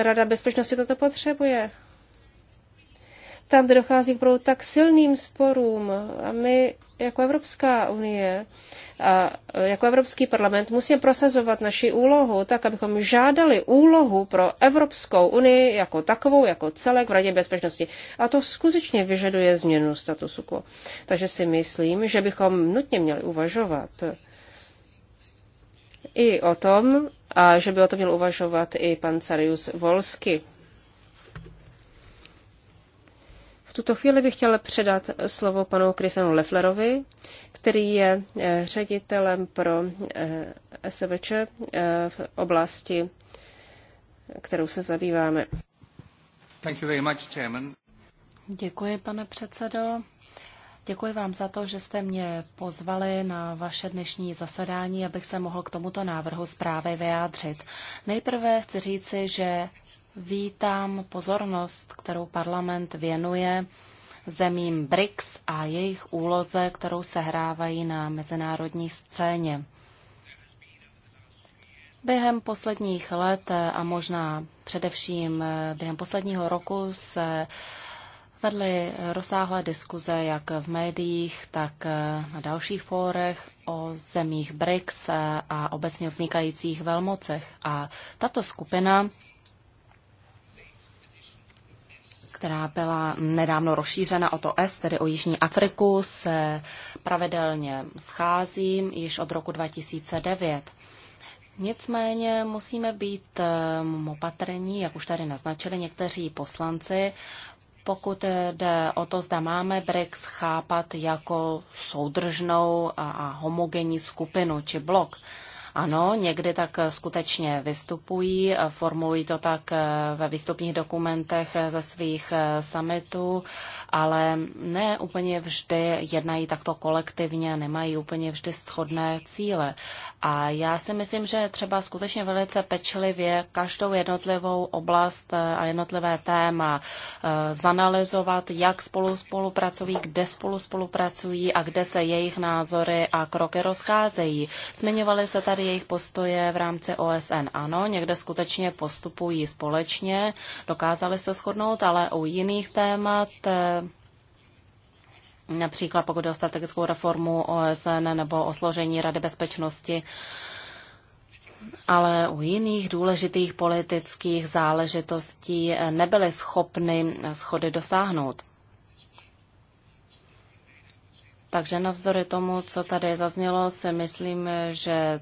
Rada bezpečnosti toto potřebuje. Tam, kde dochází k budou tak silným sporům, a my jako Evropská unie a jako Evropský parlament musíme prosazovat naši úlohu tak, abychom žádali úlohu pro Evropskou unii jako takovou, jako celek v Radě bezpečnosti. A to skutečně vyžaduje změnu statusu quo. Takže si myslím, že bychom nutně měli uvažovat i o tom, a že by o to měl uvažovat i pan Carius Volsky. V tuto chvíli bych chtěl předat slovo panu Krisenu Leflerovi, který je eh, ředitelem pro eh, SVČ eh, v oblasti, kterou se zabýváme. Thank you very much, Děkuji, pane předsedo. Děkuji vám za to, že jste mě pozvali na vaše dnešní zasedání, abych se mohl k tomuto návrhu zprávy vyjádřit. Nejprve chci říci, že vítám pozornost, kterou parlament věnuje zemím BRICS a jejich úloze, kterou se hrávají na mezinárodní scéně. Během posledních let a možná především během posledního roku se vedli rozsáhlé diskuze jak v médiích, tak eh, na dalších fórech o zemích BRICS eh, a obecně vznikajících velmocech. A tato skupina která byla nedávno rozšířena o to S, tedy o Jižní Afriku, se pravidelně schází již od roku 2009. Nicméně musíme být eh, opatrní, jak už tady naznačili někteří poslanci, pokud jde o to, zda máme BRICS chápat jako soudržnou a homogenní skupinu či blok. Ano, někdy tak skutečně vystupují, formulují to tak eh, ve výstupních dokumentech eh, ze svých eh, summitů, ale ne úplně vždy jednají takto kolektivně, nemají úplně vždy shodné cíle. A já si myslím, že třeba skutečně velice pečlivě každou jednotlivou oblast a jednotlivé téma zanalizovat, jak spolu spolupracují, kde spolu spolupracují a kde se jejich názory a kroky rozcházejí. Zmiňovaly se tady jejich postoje v rámci OSN. Ano, někde skutečně postupují společně, dokázali se shodnout, ale u jiných témat eh, například pokud o strategickou reformu OSN nebo o složení Rady bezpečnosti, ale u jiných důležitých politických záležitostí eh, nebyly schopny schody dosáhnout. Takže navzdory tomu, co tady zaznělo, si myslím, že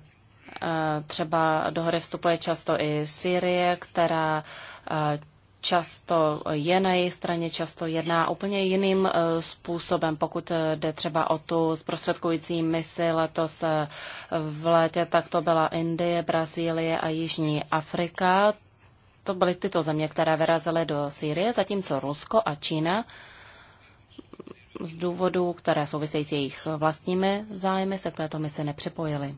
Eh, třeba do hry vstupuje často i Syrie, která eh, často je na její straně, často jedná úplně jiným eh, způsobem. Pokud jde třeba o tu zprostředkující misi letos v létě, tak to byla Indie, Brazílie a Jižní Afrika. To byly tyto země, které vyrazily do Sýrie, zatímco Rusko a Čína z důvodů, které souvisejí s jejich vlastními zájmy, se k této misi nepřipojili.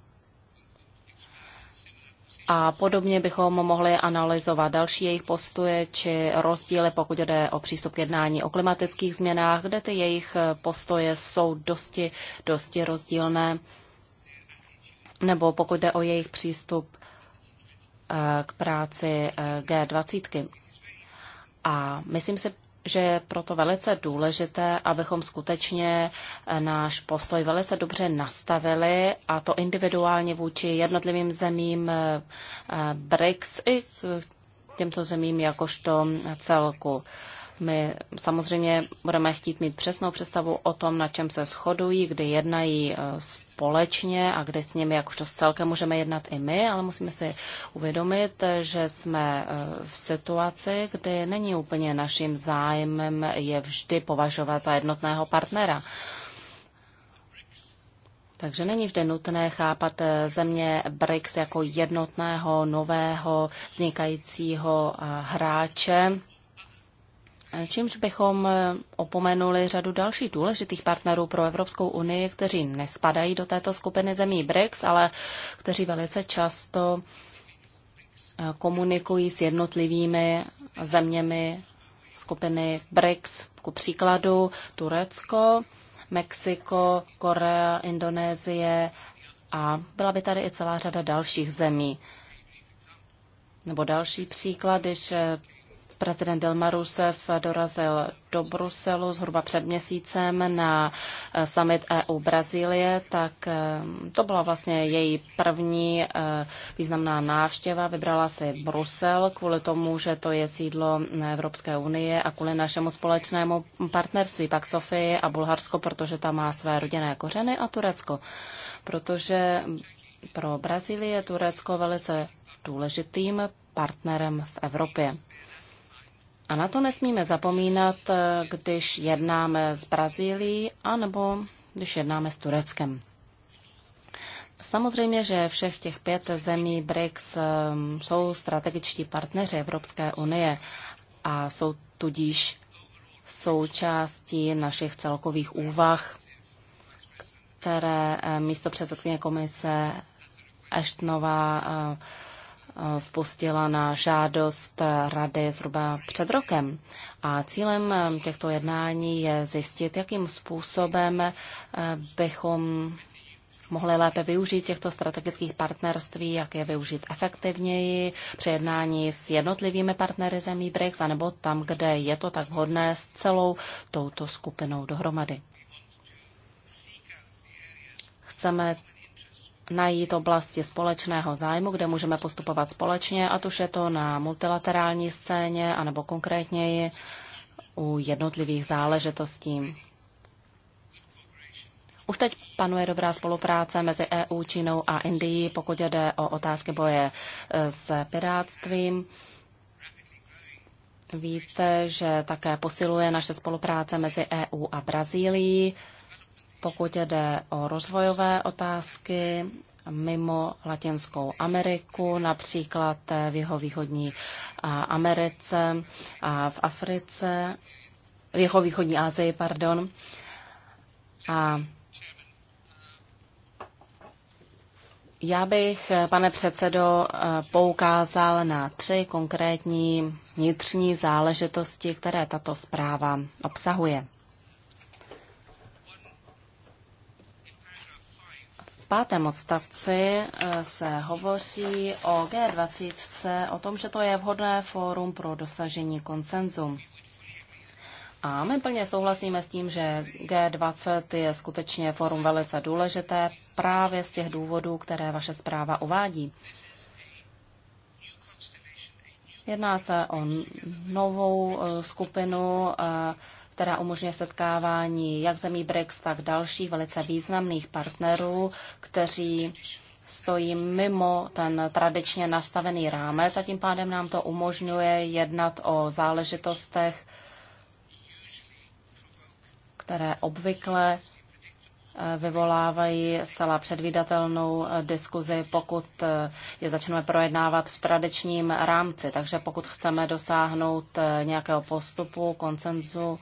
A podobně bychom mohli analyzovat další jejich postoje či rozdíly, pokud jde o přístup k jednání o klimatických změnách, kde ty jejich postoje jsou dosti, dosti rozdílné, nebo pokud jde o jejich přístup eh, k práci eh, G20. A myslím si že je proto velice důležité, abychom skutečně eh, náš postoj velice dobře nastavili a to individuálně vůči jednotlivým zemím eh, eh, BRICS i k těmto zemím jakožto celku. My samozřejmě budeme chtít mít přesnou představu o tom, na čem se shodují, kdy jednají e, společně a kde s nimi jakožto s celkem můžeme jednat i my, ale musíme si uvědomit, že jsme e, v situaci, kdy není úplně naším zájmem je vždy považovat za jednotného partnera. Takže není vždy nutné chápat e, země BRICS jako jednotného, nového, vznikajícího hráče čímž bychom eh, opomenuli řadu dalších důležitých partnerů pro Evropskou unii, kteří nespadají do této skupiny zemí BRICS, ale kteří velice často eh, komunikují s jednotlivými zeměmi skupiny BRICS, ku příkladu Turecko, Mexiko, Korea, Indonésie a byla by tady i celá řada dalších zemí. Nebo další příklad, když eh, Prezident Dilma Rousseff dorazil do Bruselu zhruba před měsícem na eh, summit EU Brazílie, tak eh, to byla vlastně její první eh, významná návštěva. Vybrala si Brusel kvůli tomu, že to je sídlo Evropské unie a kvůli našemu společnému partnerství, pak Sofii a Bulharsko, protože tam má své rodinné kořeny a Turecko, protože pro Brazílii je Turecko velice důležitým partnerem v Evropě. A na to nesmíme zapomínat, eh, když jednáme s Brazílií anebo když jednáme s Tureckem. Samozřejmě, že všech těch pět zemí BRICS eh, jsou strategičtí partneři Evropské unie a jsou tudíž součástí našich celkových úvah, které eh, místo předsedkyně komise Eštnová spustila na žádost rady zhruba před rokem. A cílem těchto jednání je zjistit, jakým způsobem eh, bychom mohli lépe využít těchto strategických partnerství, jak je využít efektivněji při jednání s jednotlivými partnery zemí BRICS, anebo tam, kde je to tak vhodné s celou touto skupinou dohromady. Chceme najít oblasti společného zájmu, kde můžeme postupovat společně, a už je to na multilaterální scéně, anebo konkrétněji u jednotlivých záležitostí. Už teď panuje dobrá spolupráce mezi EU, Čínou a Indií, pokud jde o otázky boje e, s pirátstvím. Víte, že také posiluje naše spolupráce mezi EU a Brazílií pokud jde o rozvojové otázky mimo Latinskou Ameriku, například v jeho východní Americe a v Africe, v jeho východní Asii, pardon. A já bych, pane předsedo, poukázal na tři konkrétní vnitřní záležitosti, které tato zpráva obsahuje. pátém odstavci eh, se hovoří o G20, o tom, že to je vhodné fórum pro dosažení koncenzu. A my plně souhlasíme s tím, že G20 je skutečně fórum velice důležité právě z těch důvodů, které vaše zpráva uvádí. Jedná se o novou eh, skupinu eh, která umožňuje setkávání jak zemí BRICS, tak dalších velice významných partnerů, kteří stojí mimo ten tradičně nastavený rámec a tím pádem nám to umožňuje jednat o záležitostech, které obvykle vyvolávají zcela předvídatelnou eh, diskuzi, pokud eh, je začneme projednávat v tradičním rámci. Takže pokud chceme dosáhnout eh, nějakého postupu, koncenzu,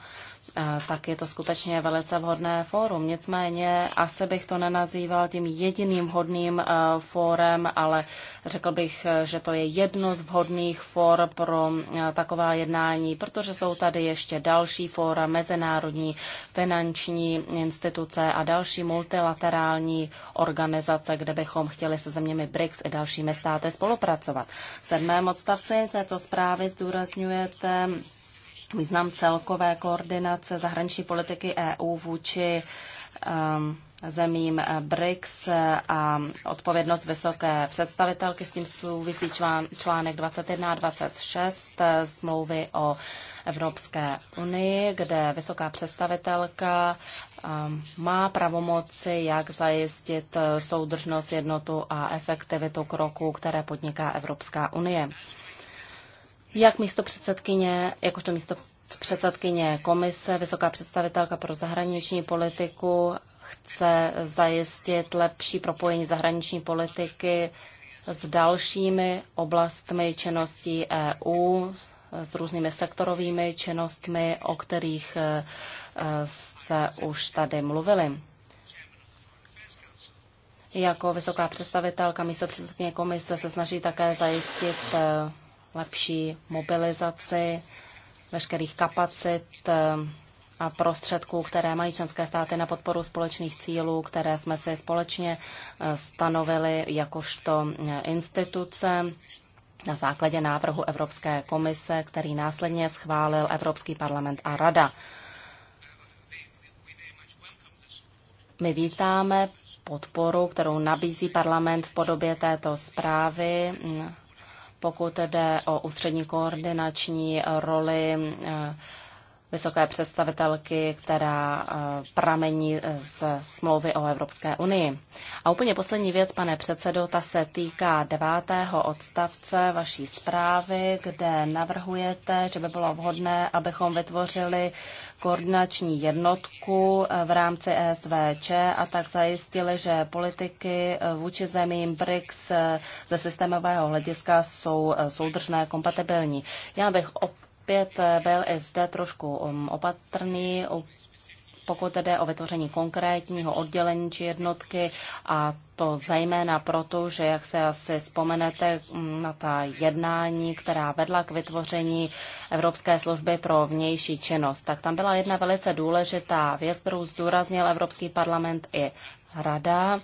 Eh, tak je to skutečně velice vhodné fórum. Nicméně asi bych to nenazýval tím jediným vhodným eh, fórem, ale řekl bych, eh, že to je jedno z vhodných fór pro taková jednání, protože jsou tady ještě další fóra, mezinárodní finanční instituce a další multilaterální organizace, kde bychom chtěli se zeměmi BRICS i dalšími státy spolupracovat. V sedmém odstavci této zprávy zdůrazňujete význam celkové koordinace zahraniční politiky EU vůči um, zemím BRICS a odpovědnost vysoké představitelky. S tím souvisí článek 21 a 26 smlouvy o Evropské unii, kde vysoká představitelka ehm, má pravomoci, jak zajistit soudržnost, jednotu a efektivitu kroků, které podniká Evropská unie jak místo předsedkyně, jakožto místo předsedkyně komise, vysoká představitelka pro zahraniční politiku chce zajistit lepší propojení zahraniční politiky s dalšími oblastmi činností EU, s různými sektorovými činnostmi, o kterých eh, jste už tady mluvili. Jako vysoká představitelka místo předsedkyně komise se snaží také zajistit eh, lepší mobilizaci veškerých kapacit eh, a prostředků, které mají členské státy na podporu společných cílů, které jsme si společně eh, stanovili jakožto eh, instituce na základě návrhu Evropské komise, který následně schválil Evropský parlament a Rada. My vítáme podporu, kterou nabízí parlament v podobě této zprávy pokud jde o ústřední koordinační roli eh, vysoké představitelky, která eh, pramení eh, z smlouvy o Evropské unii. A úplně poslední věc, pane předsedo, ta se týká devátého odstavce vaší zprávy, kde navrhujete, že by bylo vhodné, abychom vytvořili koordinační jednotku eh, v rámci ESVČ a tak zajistili, že politiky vůči zemím BRICS ze systémového hlediska jsou soudržné kompatibilní. Já bych op- opět byl i zde trošku um, opatrný, pokud jde o vytvoření konkrétního oddělení či jednotky a to zejména proto, že jak se asi vzpomenete um, na ta jednání, která vedla k vytvoření Evropské služby pro vnější činnost, tak tam byla jedna velice důležitá věc, kterou zdůraznil Evropský parlament i Rada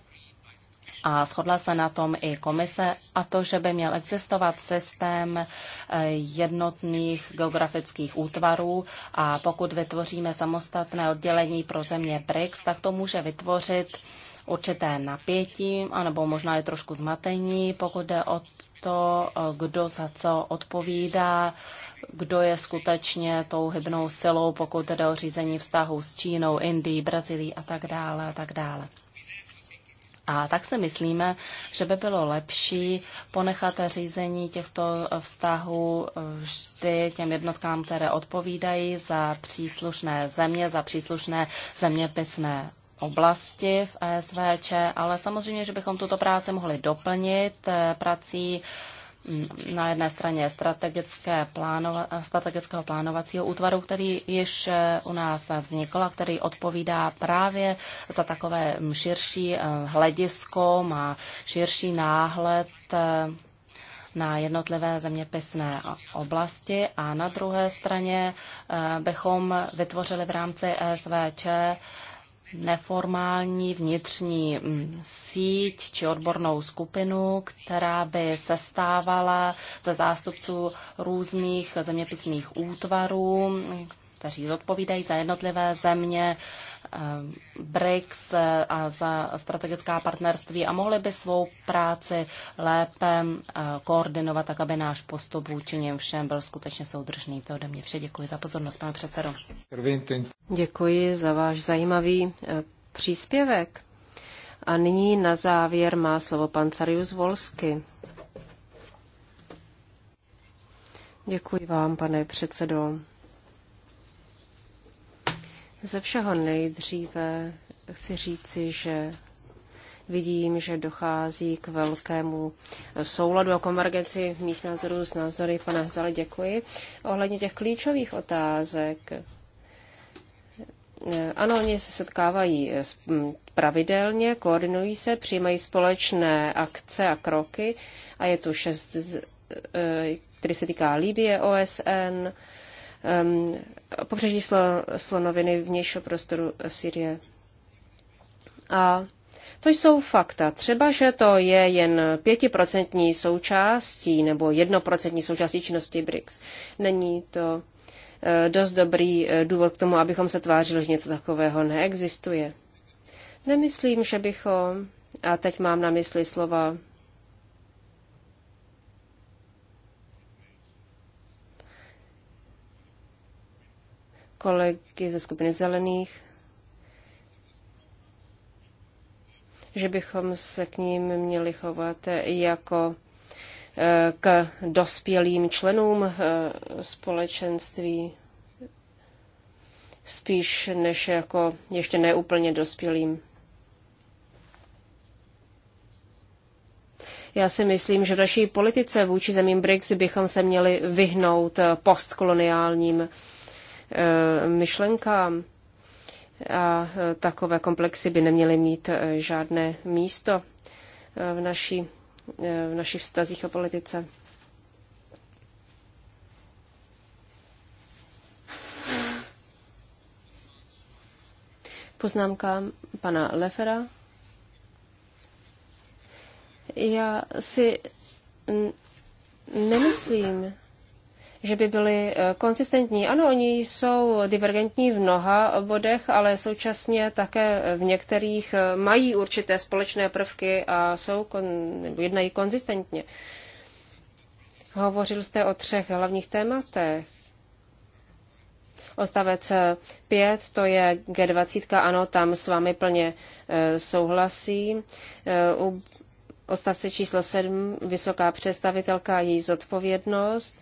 a shodla se na tom i komise, a to, že by měl existovat systém eh, jednotných geografických útvarů a pokud vytvoříme samostatné oddělení pro země BRICS, tak to může vytvořit určité napětí, anebo možná je trošku zmatení, pokud jde o to, eh, kdo za co odpovídá, kdo je skutečně tou hybnou silou, pokud jde o řízení vztahu s Čínou, Indií, Brazílií a tak dále a tak dále. A tak si myslíme, že by bylo lepší ponechat řízení těchto vztahů eh, vždy těm jednotkám, které odpovídají za příslušné země, za příslušné zeměpisné oblasti v ESVČ, ale samozřejmě, že bychom tuto práci mohli doplnit eh, prací na jedné straně strategické plánova, strategického plánovacího útvaru, který již eh, u nás vznikl a který odpovídá právě za takové širší eh, hledisko, má širší náhled eh, na jednotlivé zeměpisné oblasti a na druhé straně bychom vytvořili v rámci ESVČ neformální vnitřní mm, síť či odbornou skupinu, která by se stávala ze zástupců různých zeměpisných útvarů, kteří odpovídají za jednotlivé země Eh, BRICS eh, a za strategická partnerství a mohli by svou práci lépe eh, koordinovat, tak aby náš postup vůči něm všem byl skutečně soudržný. To ode mě vše. Děkuji za pozornost, pane předsedo. Děkuji za váš zajímavý příspěvek. A nyní na závěr má slovo pan Carius Volsky. Děkuji vám, pane předsedo. Ze všeho nejdříve chci říci, že vidím, že dochází k velkému souladu a konvergenci mých názorů s názory pana Zale. Děkuji. Ohledně těch klíčových otázek, eh, ano, oni se setkávají eh, hm, pravidelně, koordinují se, přijímají společné akce a kroky a je tu šest, eh, který se týká Libie, OSN, um, pobřeží slo, slonoviny vnějšího prostoru Syrie. A to jsou fakta. Třeba, že to je jen pětiprocentní součástí nebo jednoprocentní součástí činnosti BRICS. Není to eh, dost dobrý eh, důvod k tomu, abychom se tvářili, že něco takového neexistuje. Nemyslím, že bychom, a teď mám na mysli slova kolegy ze skupiny zelených, že bychom se k ním měli chovat jako eh, k dospělým členům eh, společenství, spíš než jako ještě neúplně dospělým. Já si myslím, že v naší politice vůči zemím BRICS bychom se měli vyhnout eh, postkoloniálním Eh, myšlenkám. A eh, takové komplexy by neměly mít eh, žádné místo v, naší, v našich vztazích o politice. Poznámka pana Lefera. Já si nemyslím, že by byli eh, konsistentní. Ano, oni jsou divergentní v mnoha bodech, ale současně také v některých eh, mají určité společné prvky a jsou kon- jednají konzistentně. Hovořil jste o třech hlavních tématech. Ostavec 5, to je G20, ano, tam s vámi plně eh, souhlasím. u ostavce číslo 7, vysoká představitelka, její zodpovědnost.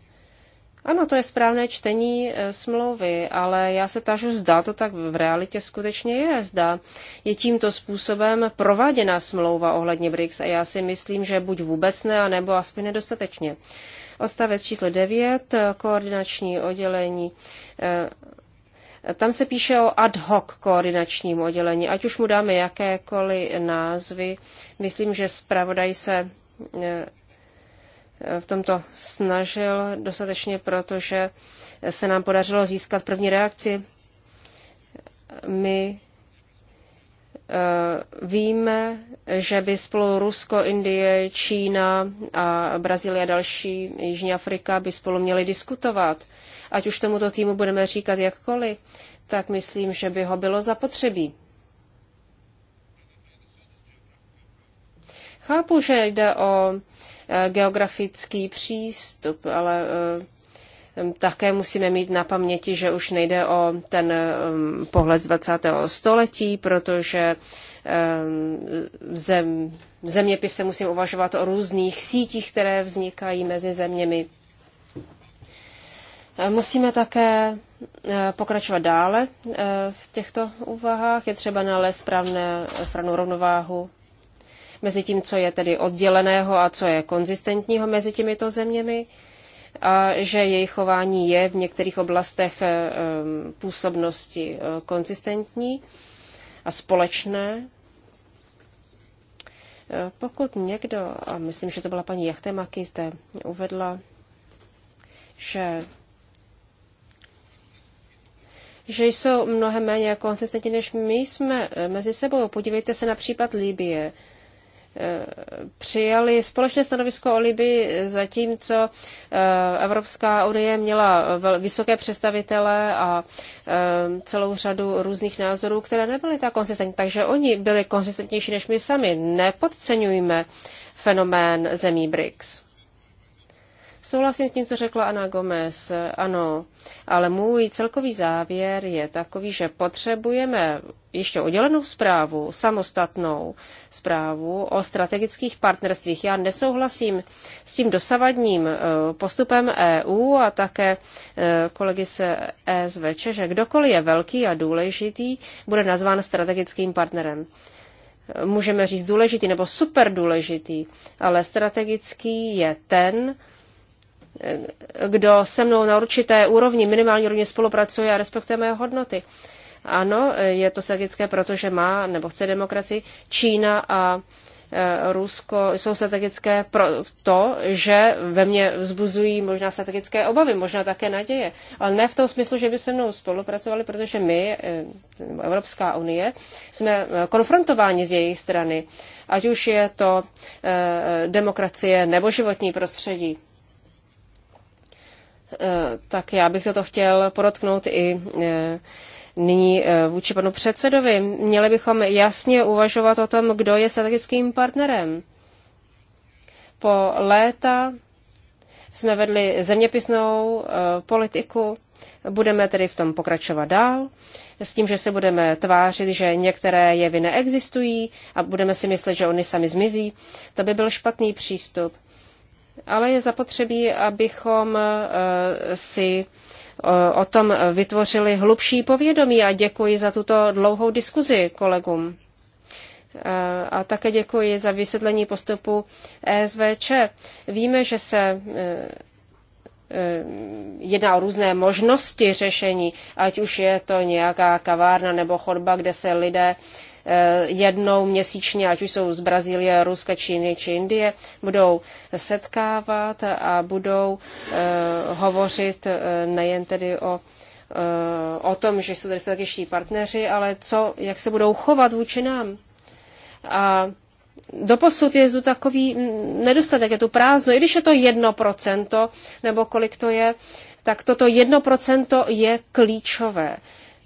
Ano, to je správné čtení eh, smlouvy, ale já se tažu, zda to tak v realitě skutečně je. Zda je tímto způsobem prováděna smlouva ohledně BRICS a já si myslím, že buď vůbec ne, anebo aspoň nedostatečně. Ostavec číslo 9, eh, koordinační oddělení. Eh, tam se píše o ad hoc koordinačním oddělení. Ať už mu dáme jakékoliv názvy, myslím, že zpravodaj se v tomto snažil dostatečně, protože se nám podařilo získat první reakci. My eh, víme, že by spolu Rusko, Indie, Čína a Brazílie a další Jižní Afrika by spolu měli diskutovat. Ať už tomuto týmu budeme říkat jakkoliv, tak myslím, že by ho bylo zapotřebí. Chápu, že jde o Eh, geografický přístup, ale eh, také musíme mít na paměti, že už nejde o ten eh, pohled z 20. století, protože v, zem, zeměpise musím uvažovat o různých sítích, které vznikají mezi zeměmi. Musíme také pokračovat dále v těchto úvahách. Je třeba nalézt správnou rovnováhu mezi tím, co je tedy odděleného a co je konzistentního mezi těmito zeměmi a že jejich chování je v některých oblastech eh, působnosti eh, konzistentní a společné. Eh, pokud někdo, a myslím, že to byla paní Jachtemaky, zde uvedla, že že jsou mnohem méně konzistentní, než my jsme mezi sebou. Podívejte se na případ Libie přijali společné stanovisko o Libii, zatímco eh, Evropská unie měla vysoké představitele a eh, celou řadu různých názorů, které nebyly tak konzistentní. Takže oni byli konzistentnější než my sami. Nepodceňujme fenomén zemí BRICS. Souhlasím s tím, co řekla Ana Gomez, ano, ale můj celkový závěr je takový, že potřebujeme ještě oddělenou zprávu, samostatnou zprávu o strategických partnerstvích. Já nesouhlasím s tím dosavadním eh, postupem EU a také eh, kolegy se ESVČ, že kdokoliv je velký a důležitý, bude nazván strategickým partnerem můžeme říct důležitý nebo super důležitý, ale strategický je ten, kdo se mnou na určité úrovni, minimální úrovni spolupracuje a respektuje moje hodnoty. Ano, je to strategické, protože má nebo chce demokracii. Čína a e, Rusko jsou strategické pro to, že ve mně vzbuzují možná strategické obavy, možná také naděje. Ale ne v tom smyslu, že by se mnou spolupracovali, protože my, e, Evropská unie, jsme e, konfrontováni z jejich strany, ať už je to demokracie nebo životní prostředí. Eh, tak já bych toto chtěl podotknout i eh, nyní eh, vůči panu předsedovi. Měli bychom jasně uvažovat o tom, kdo je strategickým partnerem. Po léta jsme vedli zeměpisnou politiku, budeme tedy v tom pokračovat dál, s tím, že se budeme tvářit, že některé jevy neexistují a budeme si myslet, že oni sami zmizí. To by byl špatný přístup ale je zapotřebí, abychom eh, si eh, o tom vytvořili hlubší povědomí a děkuji za tuto dlouhou diskuzi kolegům. Eh, a také děkuji za vysvětlení postupu ESVČ. Víme, že se jedná o různé možnosti řešení, ať už je to nějaká kavárna nebo chodba, kde se lidé Eh, jednou měsíčně, ať už jsou z Brazílie, Ruska, Číny či Indie, budou setkávat a budou eh, hovořit eh, nejen tedy o o tom, že jsou tady strategičtí partneři, ale co, jak se budou chovat vůči nám. A doposud je tu takový mm, nedostatek, je tu prázdno, i když je to jedno procento, nebo kolik to je, tak toto jedno procento je klíčové,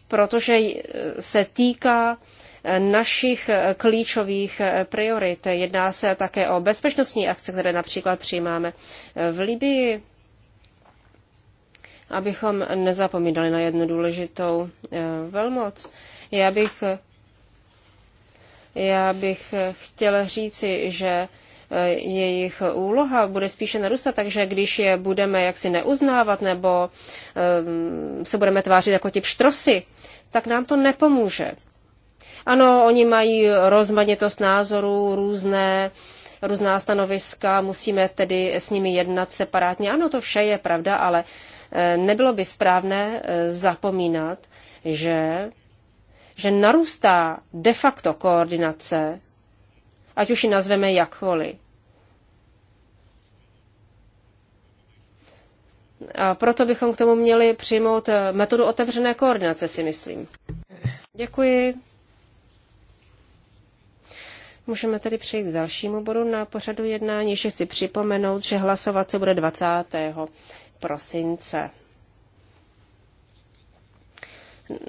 protože se týká našich klíčových priorit. Jedná se také o bezpečnostní akce, které například přijímáme v Libii, abychom nezapomínali na jednu důležitou eh, velmoc. Já bych, já bych chtěla říci, že eh, jejich úloha bude spíše narůstat, takže když je budeme jaksi neuznávat nebo um, se budeme tvářit jako ti pštrosy, tak nám to nepomůže. Ano, oni mají rozmanitost názorů, různé, různá stanoviska, musíme tedy s nimi jednat separátně. Ano, to vše je pravda, ale eh, nebylo by správné eh, zapomínat, že, že narůstá de facto koordinace, ať už ji nazveme jakkoliv. A proto bychom k tomu měli přijmout eh, metodu otevřené koordinace, si myslím. Děkuji. Můžeme tedy přejít k dalšímu bodu na pořadu jednání. Ještě chci připomenout, že hlasovat se bude 20. prosince.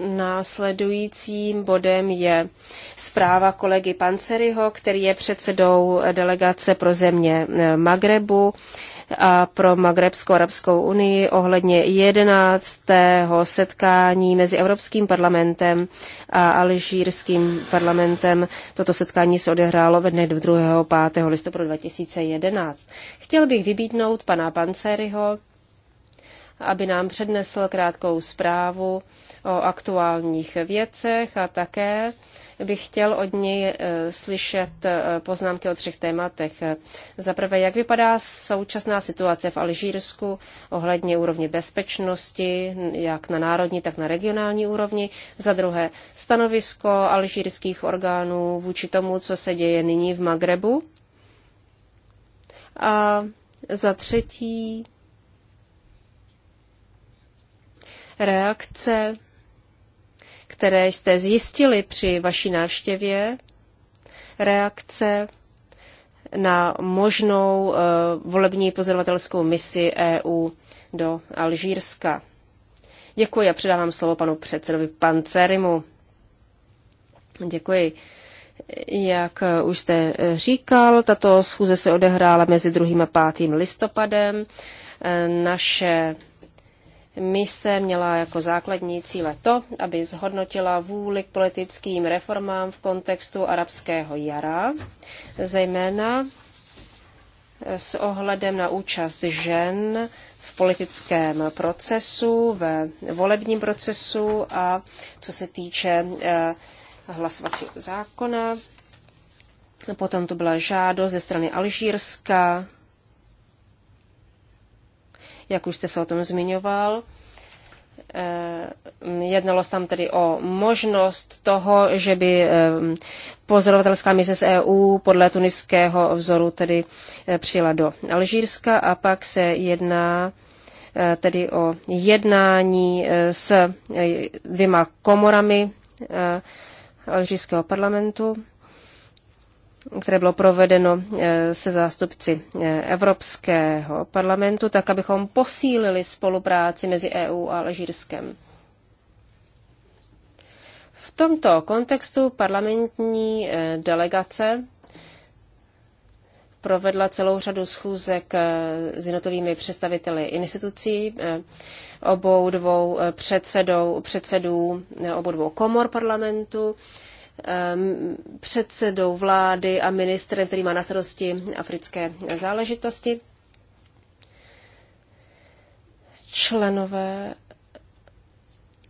Následujícím bodem je zpráva kolegy Panceryho, který je předsedou delegace pro země Magrebu a pro Magrebskou arabskou unii ohledně 11. setkání mezi Evropským parlamentem a Alžírským parlamentem. Toto setkání se odehrálo ve dne 2. 5. listopadu 2011. Chtěl bych vybídnout pana Panceryho, aby nám přednesl krátkou zprávu o aktuálních věcech a také bych chtěl od něj eh, slyšet eh, poznámky o třech tématech. Za prvé, jak vypadá současná situace v Alžírsku ohledně úrovně bezpečnosti, jak na národní, tak na regionální úrovni. Za druhé, stanovisko alžírských orgánů vůči tomu, co se děje nyní v Magrebu. A za třetí, reakce, které jste zjistili při vaší návštěvě, reakce na možnou eh, volební pozorovatelskou misi EU do Alžírska. Děkuji a předávám slovo panu předsedovi Pancerimu. Děkuji. Jak eh, už jste eh, říkal, tato schůze se odehrála mezi 2. a 5. listopadem. Naše mise měla jako základní cíle to, aby zhodnotila vůli k politickým reformám v kontextu arabského jara, zejména s ohledem na účast žen v politickém procesu, ve volebním procesu a co se týče eh, hlasovacího zákona. Potom to byla žádost ze strany Alžírska jak už jste se o tom zmiňoval. Ehm, jednalo se tam tedy o možnost toho, že by ehm, pozorovatelská mise z EU podle tuniského vzoru tedy eh, přijela do Alžírska a pak se jedná eh, tedy o jednání eh, s dvěma komorami alžírského parlamentu které bylo provedeno eh, se zástupci eh, Evropského parlamentu, tak abychom posílili spolupráci mezi EU a Alžírskem. V tomto kontextu parlamentní eh, delegace provedla celou řadu schůzek s jednotlivými představiteli institucí, obou dvou předsedou, předsedů obou dvou komor parlamentu, předsedou vlády a ministrem, který má na starosti africké záležitosti. Členové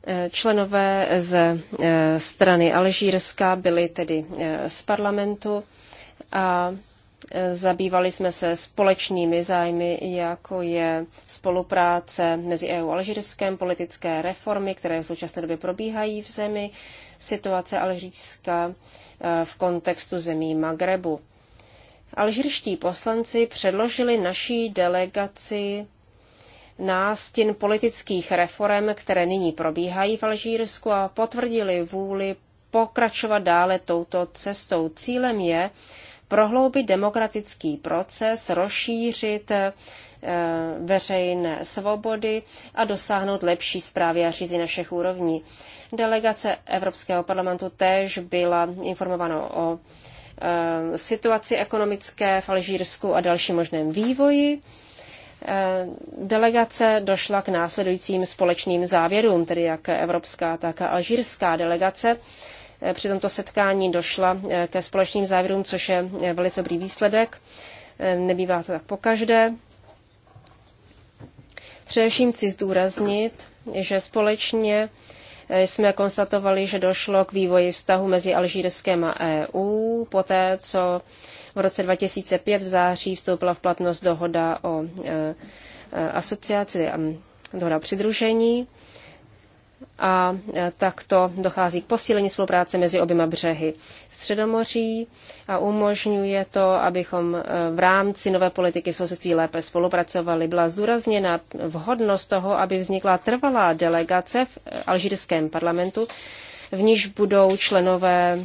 eh, Členové z eh, strany Alžírska byli tedy eh, z parlamentu a zabývali jsme se společnými zájmy, jako je spolupráce mezi EU a Alžírskem, politické reformy, které v současné době probíhají v zemi, situace Alžířska eh, v kontextu zemí Magrebu. Alžírští poslanci předložili naší delegaci nástin politických reform, které nyní probíhají v Alžírsku a potvrdili vůli pokračovat dále touto cestou. Cílem je prohloubit demokratický proces, rozšířit Eh, veřejné svobody a dosáhnout lepší zprávy a řízení na všech úrovní. Delegace Evropského parlamentu též byla informována o eh, situaci ekonomické v Alžírsku a další možném vývoji. Eh, delegace došla k následujícím společným závěrům, tedy jak evropská, tak a alžírská delegace. Při tomto setkání došla ke společným závěrům, což je velice dobrý výsledek. Nebývá to tak pokaždé. Především chci zdůraznit, že společně eh, jsme konstatovali, že došlo k vývoji vztahu mezi Alžírskem a EU, poté co v roce 2005 v září vstoupila v platnost dohoda o eh, eh, asociaci, dohoda o přidružení a e, takto dochází k posílení spolupráce mezi oběma břehy Středomoří a umožňuje to, abychom e, v rámci nové politiky sousedství lépe spolupracovali. Byla zdůrazněna vhodnost toho, aby vznikla trvalá delegace v e, alžírském parlamentu, v níž budou členové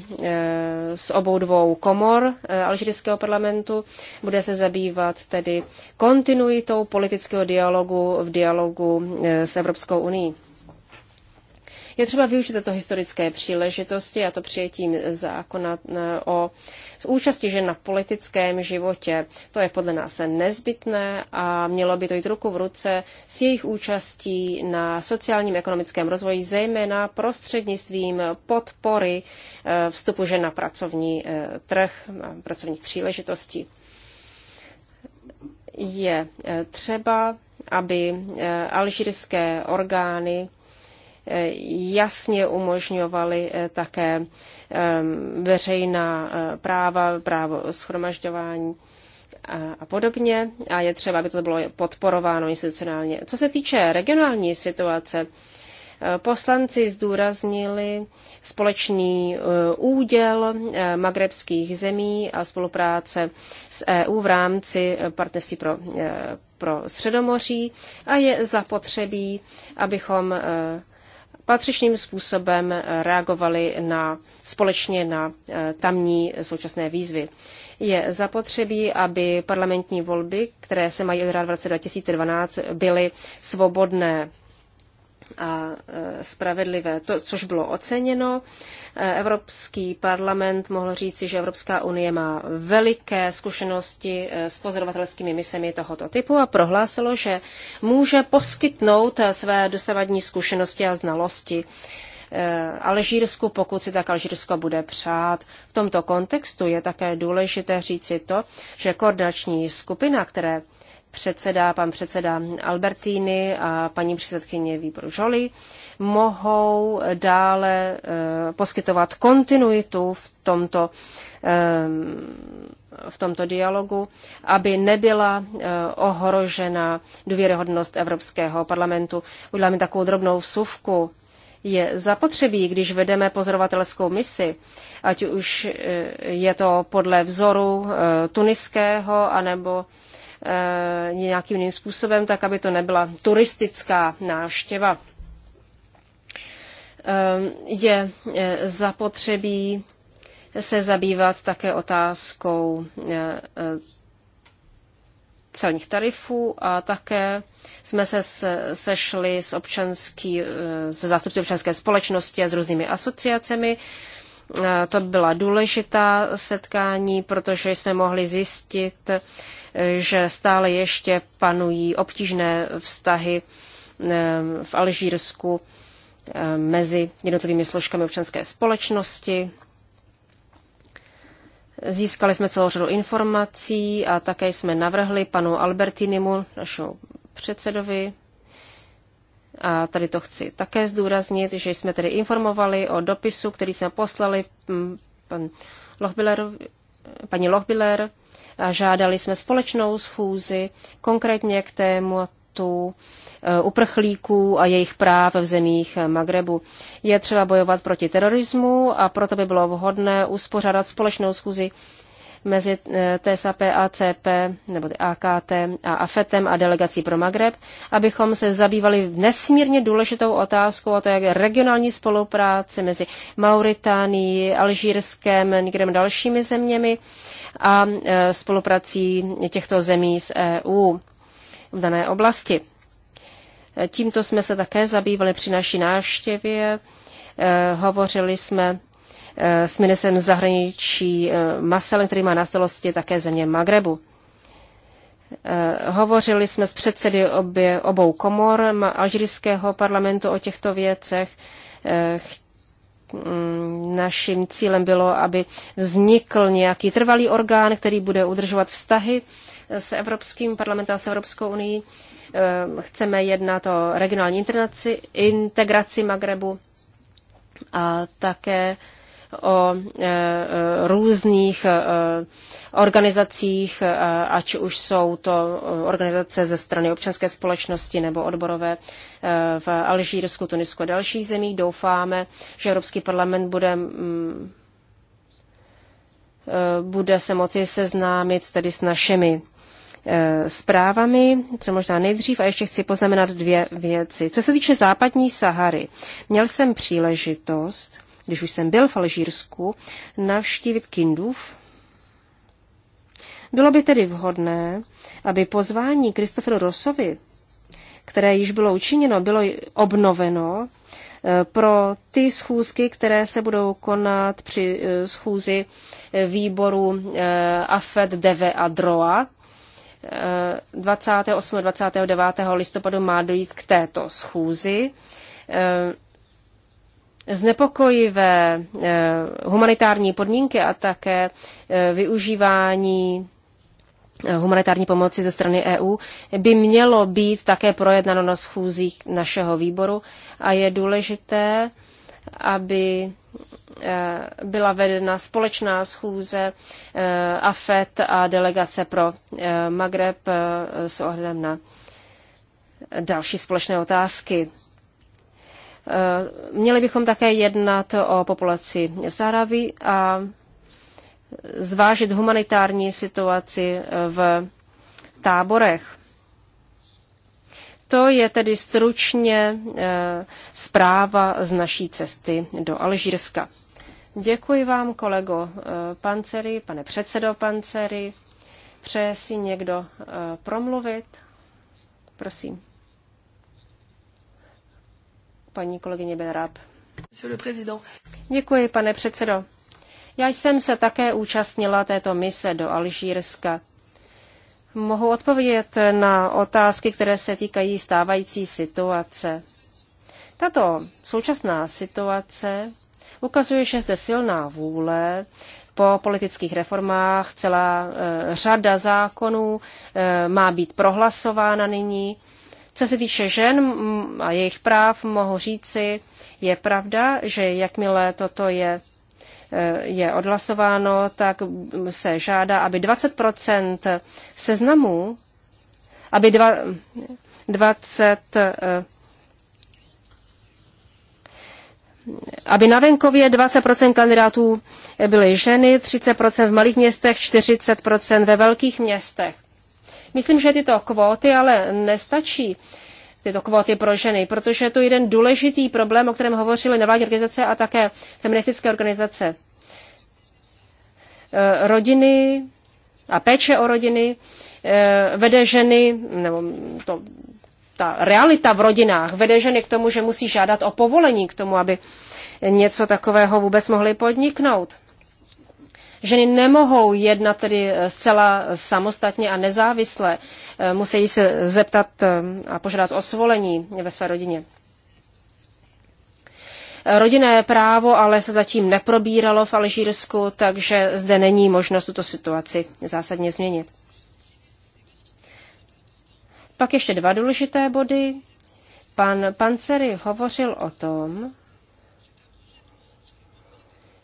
z obou dvou komor alžírského parlamentu. Bude se zabývat tedy kontinuitou politického dialogu v dialogu s Evropskou unii. Je třeba využít tato historické příležitosti a to přijetím zákona eh, o účasti žen na politickém životě. To je podle nás nezbytné a mělo by to jít ruku v ruce s jejich účastí na sociálním ekonomickém rozvoji, zejména prostřednictvím podpory eh, vstupu žen na pracovní eh, trh, pracovních příležitostí je třeba, aby alžírské orgány jasně umožňovaly eh, také ehm, veřejná eh, práva, právo schromažďování a podobně. A je třeba, aby to bylo podporováno institucionálně. Co se týče regionální situace, eh, Poslanci zdůraznili společný úděl magrebských zemí a spolupráce s EU v rámci partnerství pro, pro Středomoří a je zapotřebí, abychom patřičným způsobem reagovali na, společně na eh, tamní současné výzvy. Je zapotřebí, aby parlamentní volby, které se mají odehrát v roce 2012, byly svobodné a e, spravedlivé, to, což bylo oceněno. E, Evropský parlament mohl říci, že Evropská unie má veliké zkušenosti e, s pozorovatelskými misemi tohoto typu a prohlásilo, že může poskytnout své dosavadní zkušenosti a znalosti. Alžírsku, pokud si tak Alžírsko bude přát. V tomto kontextu je také důležité říci to, že koordinační skupina, které předseda, pan předseda Albertini a paní předsedkyně výboru Žoli, mohou dále eh, poskytovat kontinuitu v tomto, eh, v tomto dialogu, aby nebyla eh, ohrožena důvěryhodnost Evropského parlamentu. Uděláme takovou drobnou vsuvku je zapotřebí, když vedeme pozorovatelskou misi, ať už je to podle vzoru tuniského anebo Eh, nějakým jiným způsobem, tak aby to nebyla turistická návštěva. Ehm, je eh, zapotřebí se zabývat také otázkou eh, celních tarifů a také jsme se sešli s občanský, se zástupci občanské společnosti a s různými asociacemi. To byla důležitá setkání, protože jsme mohli zjistit, že stále ještě panují obtížné vztahy eh, v Alžírsku eh, mezi jednotlivými složkami občanské společnosti. Získali jsme celou řadu informací a také jsme navrhli panu Albertinimu, našemu předsedovi, a tady to chci také zdůraznit, že jsme tedy informovali o dopisu, který jsme poslali mm, pan Lochbiller, paní Lochbiller a žádali jsme společnou schůzi konkrétně k tématu eh, uprchlíků a jejich práv v zemích Magrebu. Je třeba bojovat proti terorismu a proto by bylo vhodné uspořádat společnou schůzi mezi eh, TSAP, ACP, nebo AKT a AFETem a delegací pro Magreb, abychom se zabývali nesmírně důležitou otázkou, a to je regionální spolupráce mezi Mauritánií, Alžírskem, někde dalšími zeměmi, a e, spoluprací těchto zemí s EU v dané oblasti. E, tímto jsme se také zabývali při naší návštěvě. E, hovořili jsme s ministrem zahraničí Masel, který má na celosti také země Magrebu. Hovořili jsme s předsedy obě, obou komor alžírského parlamentu o těchto věcech. Mm, naším cílem bylo, aby vznikl nějaký trvalý orgán, který bude udržovat vztahy s Evropským parlamentem a s Evropskou unii. Eh, chceme jednat o regionální integraci Magrebu a také o e, e, různých e, organizacích, ať už jsou to organizace ze strany občanské společnosti nebo odborové v Alžírsku, Tunisku a dalších zemích. Doufáme, že Evropský parlament bude mm, bude se moci seznámit tedy s našimi zprávami, co možná nejdřív, a ještě chci poznamenat dvě věci. Co se týče západní Sahary, měl jsem příležitost když už jsem byl v Alžírsku, navštívit Kindův. Bylo by tedy vhodné, aby pozvání Kristoferu Rosovi, které již bylo učiněno, bylo obnoveno eh, pro ty schůzky, které se budou konat při eh, schůzi eh, výboru AFED, DV a DROA. 28. 29. listopadu má dojít k této schůzi znepokojivé eh, humanitární podmínky a také eh, využívání eh, humanitární pomoci ze strany EU by mělo být také projednáno na schůzích našeho výboru a je důležité, aby byla vedena společná schůze AFET a delegace pro Magreb s ohledem na další společné otázky. Eh, měli bychom také jednat o populaci v Sahraví a zvážit humanitární situaci eh, v táborech. To je tedy stručně eh, zpráva z naší cesty do Alžírska. Děkuji vám, kolego Pancery, pane předsedo Pancery. Přeje si někdo promluvit? Prosím paní kolegyně Benrab. Děkuji, pane předsedo. Já jsem se také účastnila této mise do Alžírska. Mohu odpovědět na otázky, které se týkají stávající situace. Tato současná situace ukazuje, že zde silná vůle po politických reformách celá eh, řada zákonů eh, má být prohlasována nyní co se týče žen a jejich práv, mohu říci, je pravda, že jakmile toto je e, je odhlasováno, tak se žádá, aby 20 seznamů, aby dva, 20 e, aby na venkově 20% kandidátů byly ženy, 30% v malých městech, 40% ve velkých městech. Myslím, že tyto kvóty ale nestačí tyto kvóty pro ženy, protože je to jeden důležitý problém, o kterém hovořily nevládní organizace a také feministické organizace. E, rodiny a péče o rodiny e, vede ženy, nebo to, ta realita v rodinách vede ženy k tomu, že musí žádat o povolení k tomu, aby něco takového vůbec mohly podniknout. Ženy nemohou jednat tedy eh, zcela eh, samostatně a nezávisle. Eh, musí se zeptat a požádat o svolení ve své rodině. Rodinné právo ale se zatím neprobíralo v Alžírsku, takže zde není možnost tuto situaci zásadně změnit. Pak ještě dva důležité body. Pan Panceri hovořil o tom,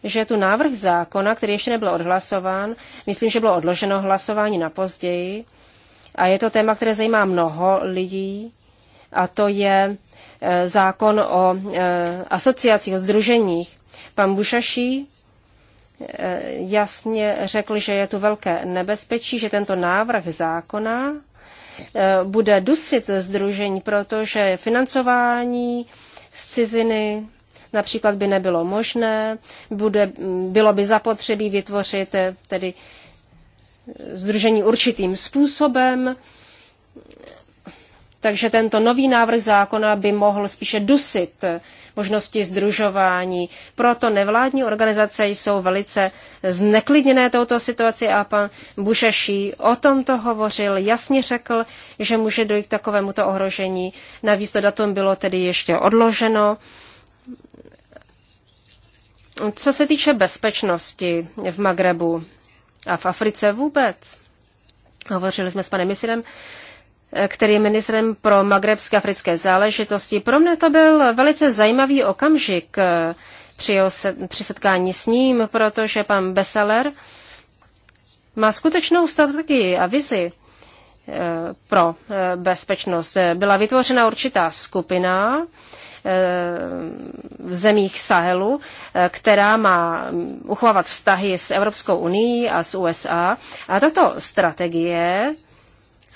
že tu návrh zákona, který ještě nebyl odhlasován, myslím, že bylo odloženo hlasování na později, a je to téma, které zajímá mnoho lidí, a to je e, zákon o e, asociacích, o združeních. Pan Bušaší e, jasně řekl, že je tu velké nebezpečí, že tento návrh zákona bude dusit združení, protože financování z ciziny například by nebylo možné, bude, bylo by zapotřebí vytvořit eh, tedy združení eh, určitým způsobem, takže tento nový návrh zákona by mohl spíše dusit eh, možnosti združování. Proto nevládní organizace jsou velice zneklidněné touto situaci a pan Bušeší o tomto hovořil, jasně řekl, že může dojít k takovémuto ohrožení. Navíc to datum bylo tedy ještě odloženo. Co se týče bezpečnosti v Magrebu a v Africe vůbec, hovořili jsme s panem Misirem, který je ministrem pro magrebské africké záležitosti. Pro mne to byl velice zajímavý okamžik eh, při, se, při setkání s ním, protože pan Besseler má skutečnou strategii a vizi eh, pro eh, bezpečnost. Byla vytvořena určitá skupina, Eh, v zemích Sahelu, eh, která má uchovávat vztahy s Evropskou unii a s USA. A tato strategie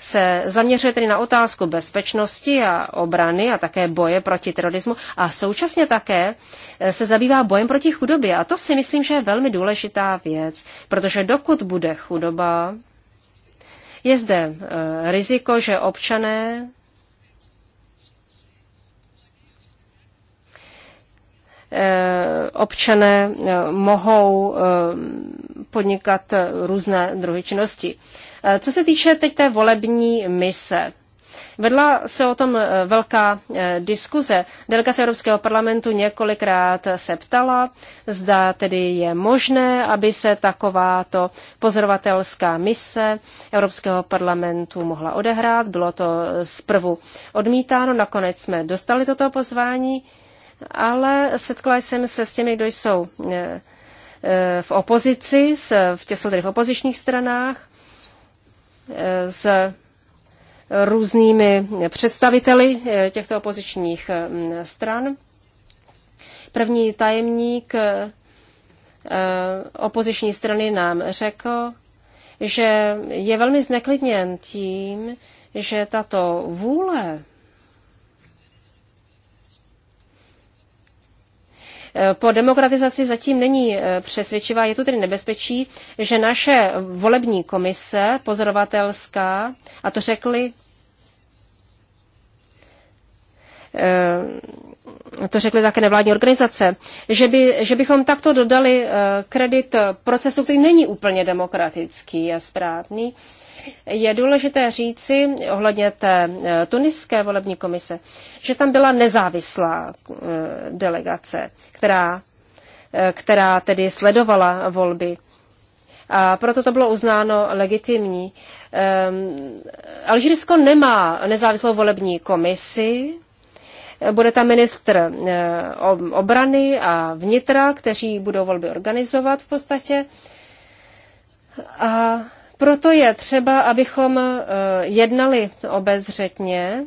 se zaměřuje tedy na otázku bezpečnosti a obrany a také boje proti terorismu a současně také eh, se zabývá bojem proti chudobě. A to si myslím, že je velmi důležitá věc, protože dokud bude chudoba, je zde riziko, že občané Eh, občané eh, mohou eh, podnikat různé druhy činnosti. Co se týče teď té volební mise, Vedla se o tom velká diskuze. Delegace Evropského parlamentu několikrát se ptala, zda tedy je možné, aby se takováto pozorovatelská mise Evropského parlamentu mohla odehrát. Bylo to zprvu odmítáno, nakonec jsme dostali toto pozvání ale setkala jsem se s těmi, kdo jsou eh, eh, v opozici, v těch jsou tedy v opozičních stranách, eh, s různými představiteli těchto opozičních mm, stran. První tajemník opoziční strany nám řekl, že je velmi zneklidněn tím, že tato vůle po demokratizaci zatím není eh, přesvědčivá. Je tu tedy nebezpečí, že naše volební komise pozorovatelská, a to řekli eh, to řekly také nevládní organizace, že, by, že bychom takto dodali eh, kredit procesu, který není úplně demokratický a správný, je důležité říci ohledně té eh, tuniské volební komise, že tam byla nezávislá eh, delegace, která, eh, která tedy sledovala volby. A proto to bylo uznáno legitimní. Um, Alžírsko nemá nezávislou volební komisi, bude tam ministr obrany a vnitra, kteří budou volby organizovat v podstatě. A proto je třeba, abychom eh, jednali obezřetně.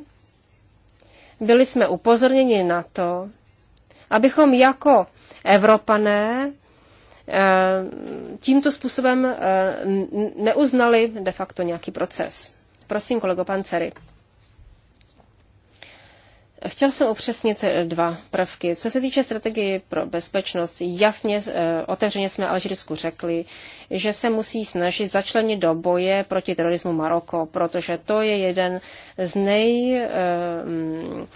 Byli jsme upozorněni na to, abychom jako Evropané eh, tímto způsobem eh, neuznali de facto nějaký proces. Prosím, kolego Pancery. Chtěl jsem upřesnit dva prvky. Co se týče strategie pro bezpečnost, jasně, eh, otevřeně jsme Alžírsku řekli, že se musí snažit začlenit do boje proti terorismu Maroko, protože to je jeden z nej eh, mm,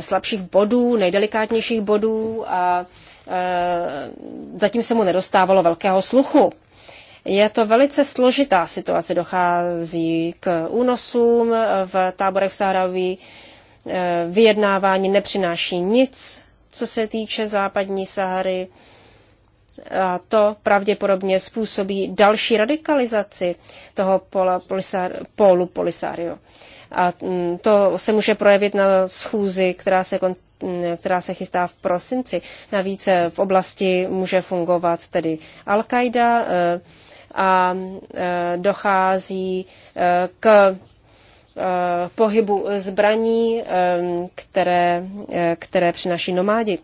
slabších bodů, nejdelikátnějších bodů a eh, zatím se mu nedostávalo velkého sluchu. Je to velice složitá situace, dochází k únosům v táborech v Sahraví, Eh, vyjednávání nepřináší nic, co se týče západní Sahary. A to pravděpodobně způsobí další radikalizaci toho polu Polisario. A mm, to se může projevit na schůzi, která se, mm, která se chystá v prosinci. Navíc eh, v oblasti může fungovat tedy Al-Qaida eh, a dochází k Eh, pohybu zbraní, které, eh, které přináší nomádi.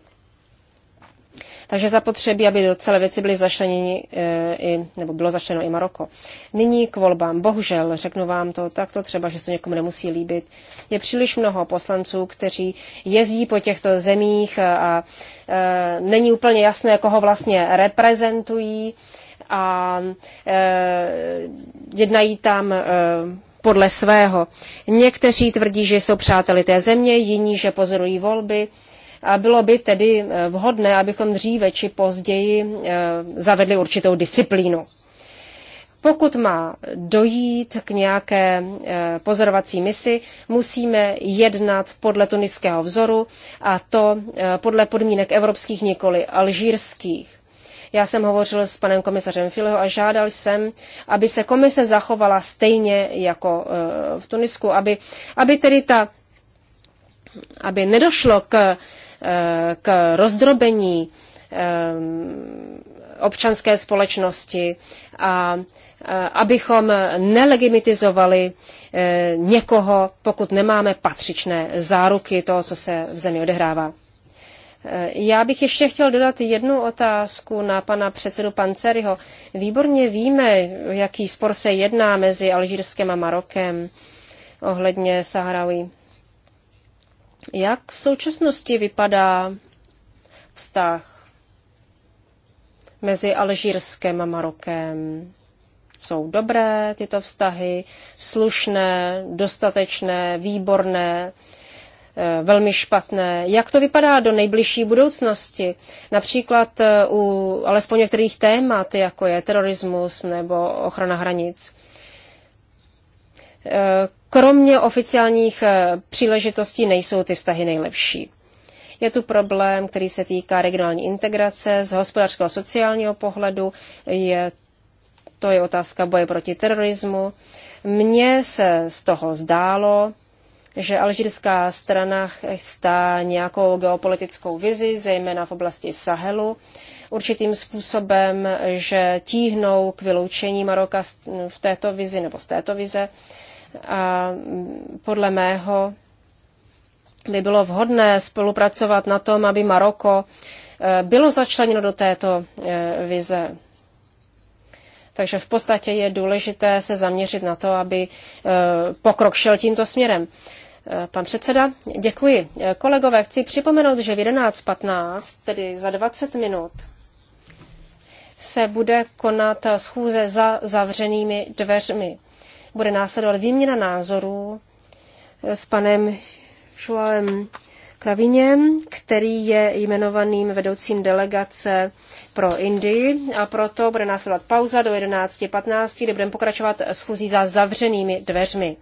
Takže zapotřebí, aby do celé věci byly zašleněni, eh, i, nebo bylo začleno i Maroko. Nyní k volbám. Bohužel, řeknu vám to takto, třeba, že se někomu nemusí líbit. Je příliš mnoho poslanců, kteří jezdí po těchto zemích a, a není úplně jasné, koho vlastně reprezentují a jednají tam podle svého. Někteří tvrdí, že jsou přáteli té země, jiní, že pozorují volby. A bylo by tedy eh, vhodné, abychom dříve či později eh, zavedli určitou disciplínu. Pokud má dojít k nějaké eh, pozorovací misi, musíme jednat podle tuniského vzoru a to podle podmínek evropských, nikoli alžírských. Já jsem hovořil s panem komisařem Fileho a žádal jsem, aby se komise zachovala stejně jako eh, v Tunisku, aby, aby tedy ta aby nedošlo k, eh, k rozdrobení eh, občanské společnosti a abychom nelegitimizovali někoho, pokud nemáme patřičné záruky toho, co se v zemi odehrává. Já bych ještě chtěl dodat jednu otázku na pana předsedu Panceriho. Výborně víme, jaký spor se jedná mezi Alžírskem a Marokem ohledně Sahrawi. Jak v současnosti vypadá vztah mezi Alžírskem a Marokem? Jsou dobré tyto vztahy, slušné, dostatečné, výborné? Eh, velmi špatné. Jak to vypadá do nejbližší budoucnosti? Například eh, u alespoň některých témat, jako je terorismus nebo ochrana hranic. Eh, kromě oficiálních příležitostí nejsou ty vztahy nejlepší. Je tu problém, který se týká regionální integrace z hospodářského a sociálního pohledu. Je to je otázka boje proti terorismu. Mně se z toho zdálo, že alžírská strana chystá nějakou geopolitickou vizi, zejména v oblasti Sahelu, určitým způsobem, že tíhnou k vyloučení Maroka v této vizi nebo z této vize. A mm, podle mého by bylo vhodné spolupracovat na tom, aby Maroko e, bylo začleněno do této e, vize. Takže v podstatě je důležité se zaměřit na to, aby e, pokrok šel tímto směrem. Eh, pan předseda, děkuji. Eh, kolegové, chci připomenout, že v 11.15, tedy za 20 minut, se bude konat schůze za zavřenými dveřmi. Bude následovat výměna názorů eh, s panem Šualem Klaviněm, který je jmenovaným vedoucím delegace pro Indii a proto bude následovat pauza do 11.15, kdy budeme pokračovat schůzí za zavřenými dveřmi.